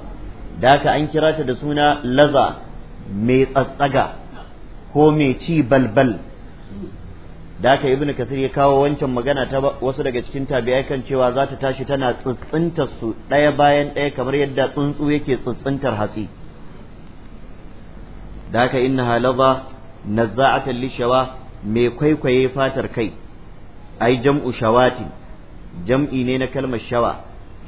da an kira ta da suna laza mai tsatsaga ko mai ci balbal da haka kasir ya kawo wancan magana ta wasu daga cikin tabi'ai kan cewa za ta tashi tana tsuntsunta su ɗaya bayan ɗaya kamar yadda tsuntsu yake tsuntsuntar hatsi da haka halaba laza nazza'atan lishawa mai kwaikwaye fatar kai ai jam'u shawati jam'i ne na kalmar shawa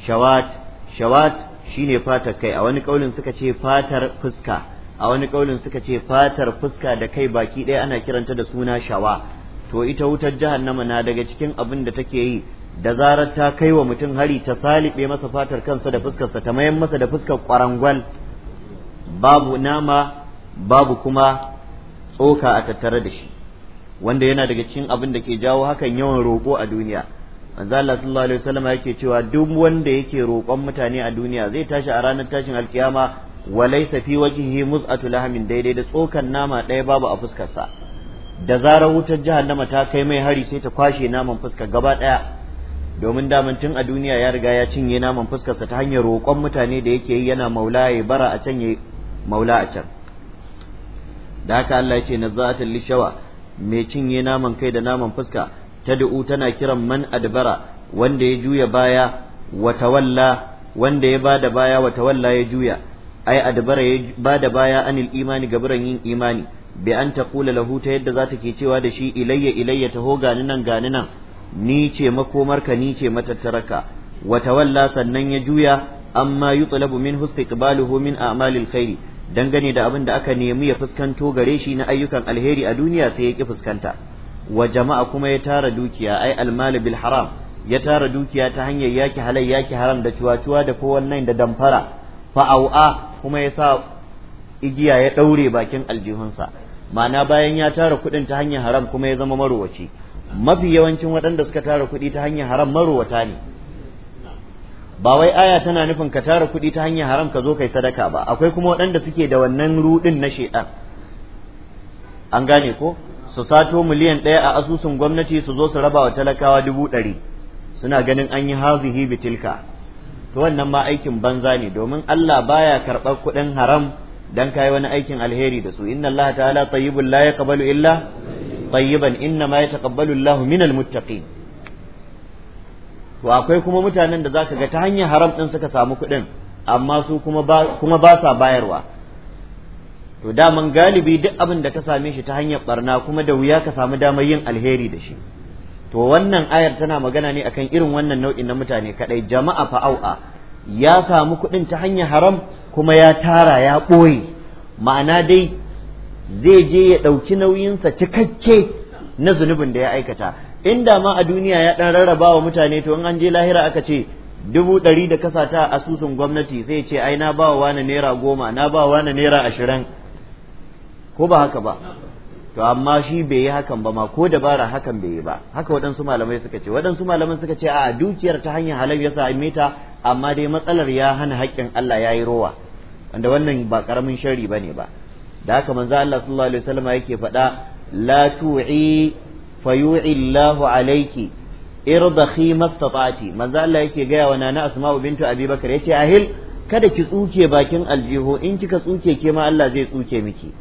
shawat shawat shine fatar kai a wani kaulin suka ce fatar fuska a wani kaulin suka ce fatar fuska da kai baki ɗaya ana kiranta da suna shawa to ita wutar jahannama na daga cikin abin da take yi da zarar ta kai wa mutum hari ta salibe masa fatar kansa da fuskarsa ta mayan masa da fuskar kwarangwal babu nama babu kuma tsoka a tattare da shi wanda yana daga cikin abin da ke jawo hakan yawan roƙo a duniya manzo Allah sallallahu alaihi wasallam yake cewa duk wanda yake roƙon mutane a duniya zai tashi a ranar tashin alkiyama walaysa fi wajhihi muz'atu lahamin daidai da tsokan nama ɗaya babu a fuskarsa da zarar wutar jahannama ta kai mai hari sai ta kwashe naman fuskar gaba ɗaya domin daman tun a duniya ya riga ya cinye naman fuskarsa ta hanyar roƙon mutane da yake yi yana maula ya bara a can ya maula a can da haka Allah ya ce nazza'atan lishawa mai cinye naman kai da naman fuska tad'u tana kiran man adbara wanda ya juya baya wa tawalla wanda ya bada baya wa tawalla ya juya ai adbara ya bada baya anil imani gaburan yin imani bi an taqula lahu ta yadda zata ke cewa da shi ilayya ilayya taho gani nan gani nan ni ce makomarka ni ce matattaraka wa tawalla sannan ya juya amma yutlabu min istiqbaluhu min a'malil khairi dangane da abin da aka nemi ya fuskanto gare shi na ayyukan alheri a duniya sai ya ki fuskanta wa jama'a kuma ya tara dukiya ai almal bil haram ya tara dukiya ta hanyar yaki halal yaki haram da cuwa-cuwa da wannan da damfara fa'au'a kuma ya sa igiya ya ɗaure bakin aljihunsa ma'ana bayan ya tara kuɗin ta hanyar haram kuma ya zama marowaci mafi yawancin waɗanda suka tara kuɗi ta hanyar haram marowata ne ba wai aya tana nufin ka tara kuɗi ta hanyar haram ka zo kai sadaka ba akwai kuma waɗanda suke da wannan ruɗin na shaidan an gane ko su sato miliyan ɗaya a asusun gwamnati su zo su raba wa talakawa dubu ɗari suna ganin an yi hazihi bitilka to wannan ma aikin banza ne domin Allah baya karɓar kuɗin haram dan kai wani aikin alheri da su inna Allah ta'ala tayyibun la yaqbalu illa tayyiban inna ma yataqabbalu Allah min almuttaqin to akwai kuma mutanen da zaka ga ta hanyar haram din suka samu kuɗin amma su kuma ba kuma ba sa bayarwa to daman galibi duk abin da ka same shi ta hanyar barna kuma da wuya ka samu damar yin alheri da shi to wannan ayar tana magana ne akan irin wannan nau'in na mutane kadai jama'a fa'au'a ya samu kuɗin ta hanyar haram kuma ya tara ya ɓoye ma'ana dai zai je ya ɗauki nauyinsa cikakke na zunubin da ya aikata inda ma a duniya ya ɗan rarraba wa mutane to in an je lahira aka ce dubu ɗari da kasata a asusun gwamnati sai ce ai na ba wa wani naira goma na ba wa wani naira ashirin ko ba haka ba to amma shi bai yi hakan ba ma ko dabara hakan bai yi ba haka waɗansu malamai suka ce waɗansu malamai suka ce a dukiyar ta hanyar halal ya same ta amma dai matsalar ya hana haƙƙin Allah ya yi rowa wanda wannan ba ƙaramin shari ba ne ba da haka manzo Allah sallallahu alaihi wasallam yake faɗa la tu'i yu'i Allahu alayki irdakhi mastata'ati manzo Allah yake gaya wa nana asma'u bintu abi bakar yace ahil kada ki tsuke bakin aljihu in kika tsuke ke ma Allah zai tsuke miki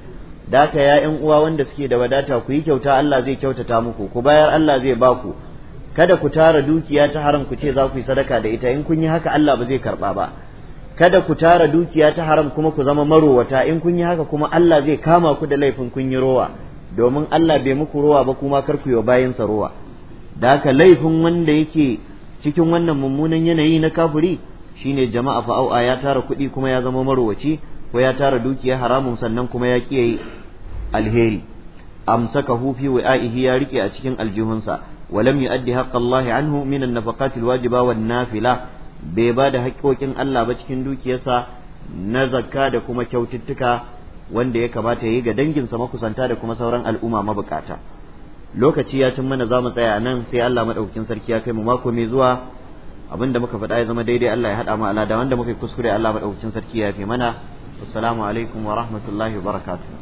daka ya yan uwa wanda suke da wadata ku yi kyauta Allah zai kyautata muku ku bayar Allah zai baku kada ku tara dukiya ta haram ku ce za ku yi sadaka da ita in kun yi haka Allah ba zai karba ba kada ku tara dukiya ta haram kuma ku zama marowata in kun yi haka kuma Allah zai kama ku da laifin kun yi rowa domin Allah bai muku rowa ba kuma kar ku yi sa rowa da haka laifin wanda yake cikin wannan mummunan yanayi na kafuri shine jama'a fa'au'a ya tara kuɗi kuma ya zama marowaci ko ya tara dukiya haramun sannan kuma ya kiyaye alheri amsaka hu fi wa'ihi ya rike a cikin aljihunsa walam yu'addi haqqallahi anhu min an-nafaqat al-wajiba wan nafila bai ba da haƙƙoƙin Allah ba cikin dukiyarsa na zakka da kuma kyaututtuka wanda ya kamata ya yi ga danginsa makusanta da kuma sauran al'umma mabukata lokaci ya cin mana za mu tsaya nan sai Allah madaukakin sarki ya kai mu mako mai zuwa abinda muka faɗa ya zama daidai Allah ya haɗa mu alada wanda muka kuskure Allah madaukakin sarki ya fi mana assalamu alaikum wa rahmatullahi wa barakatuh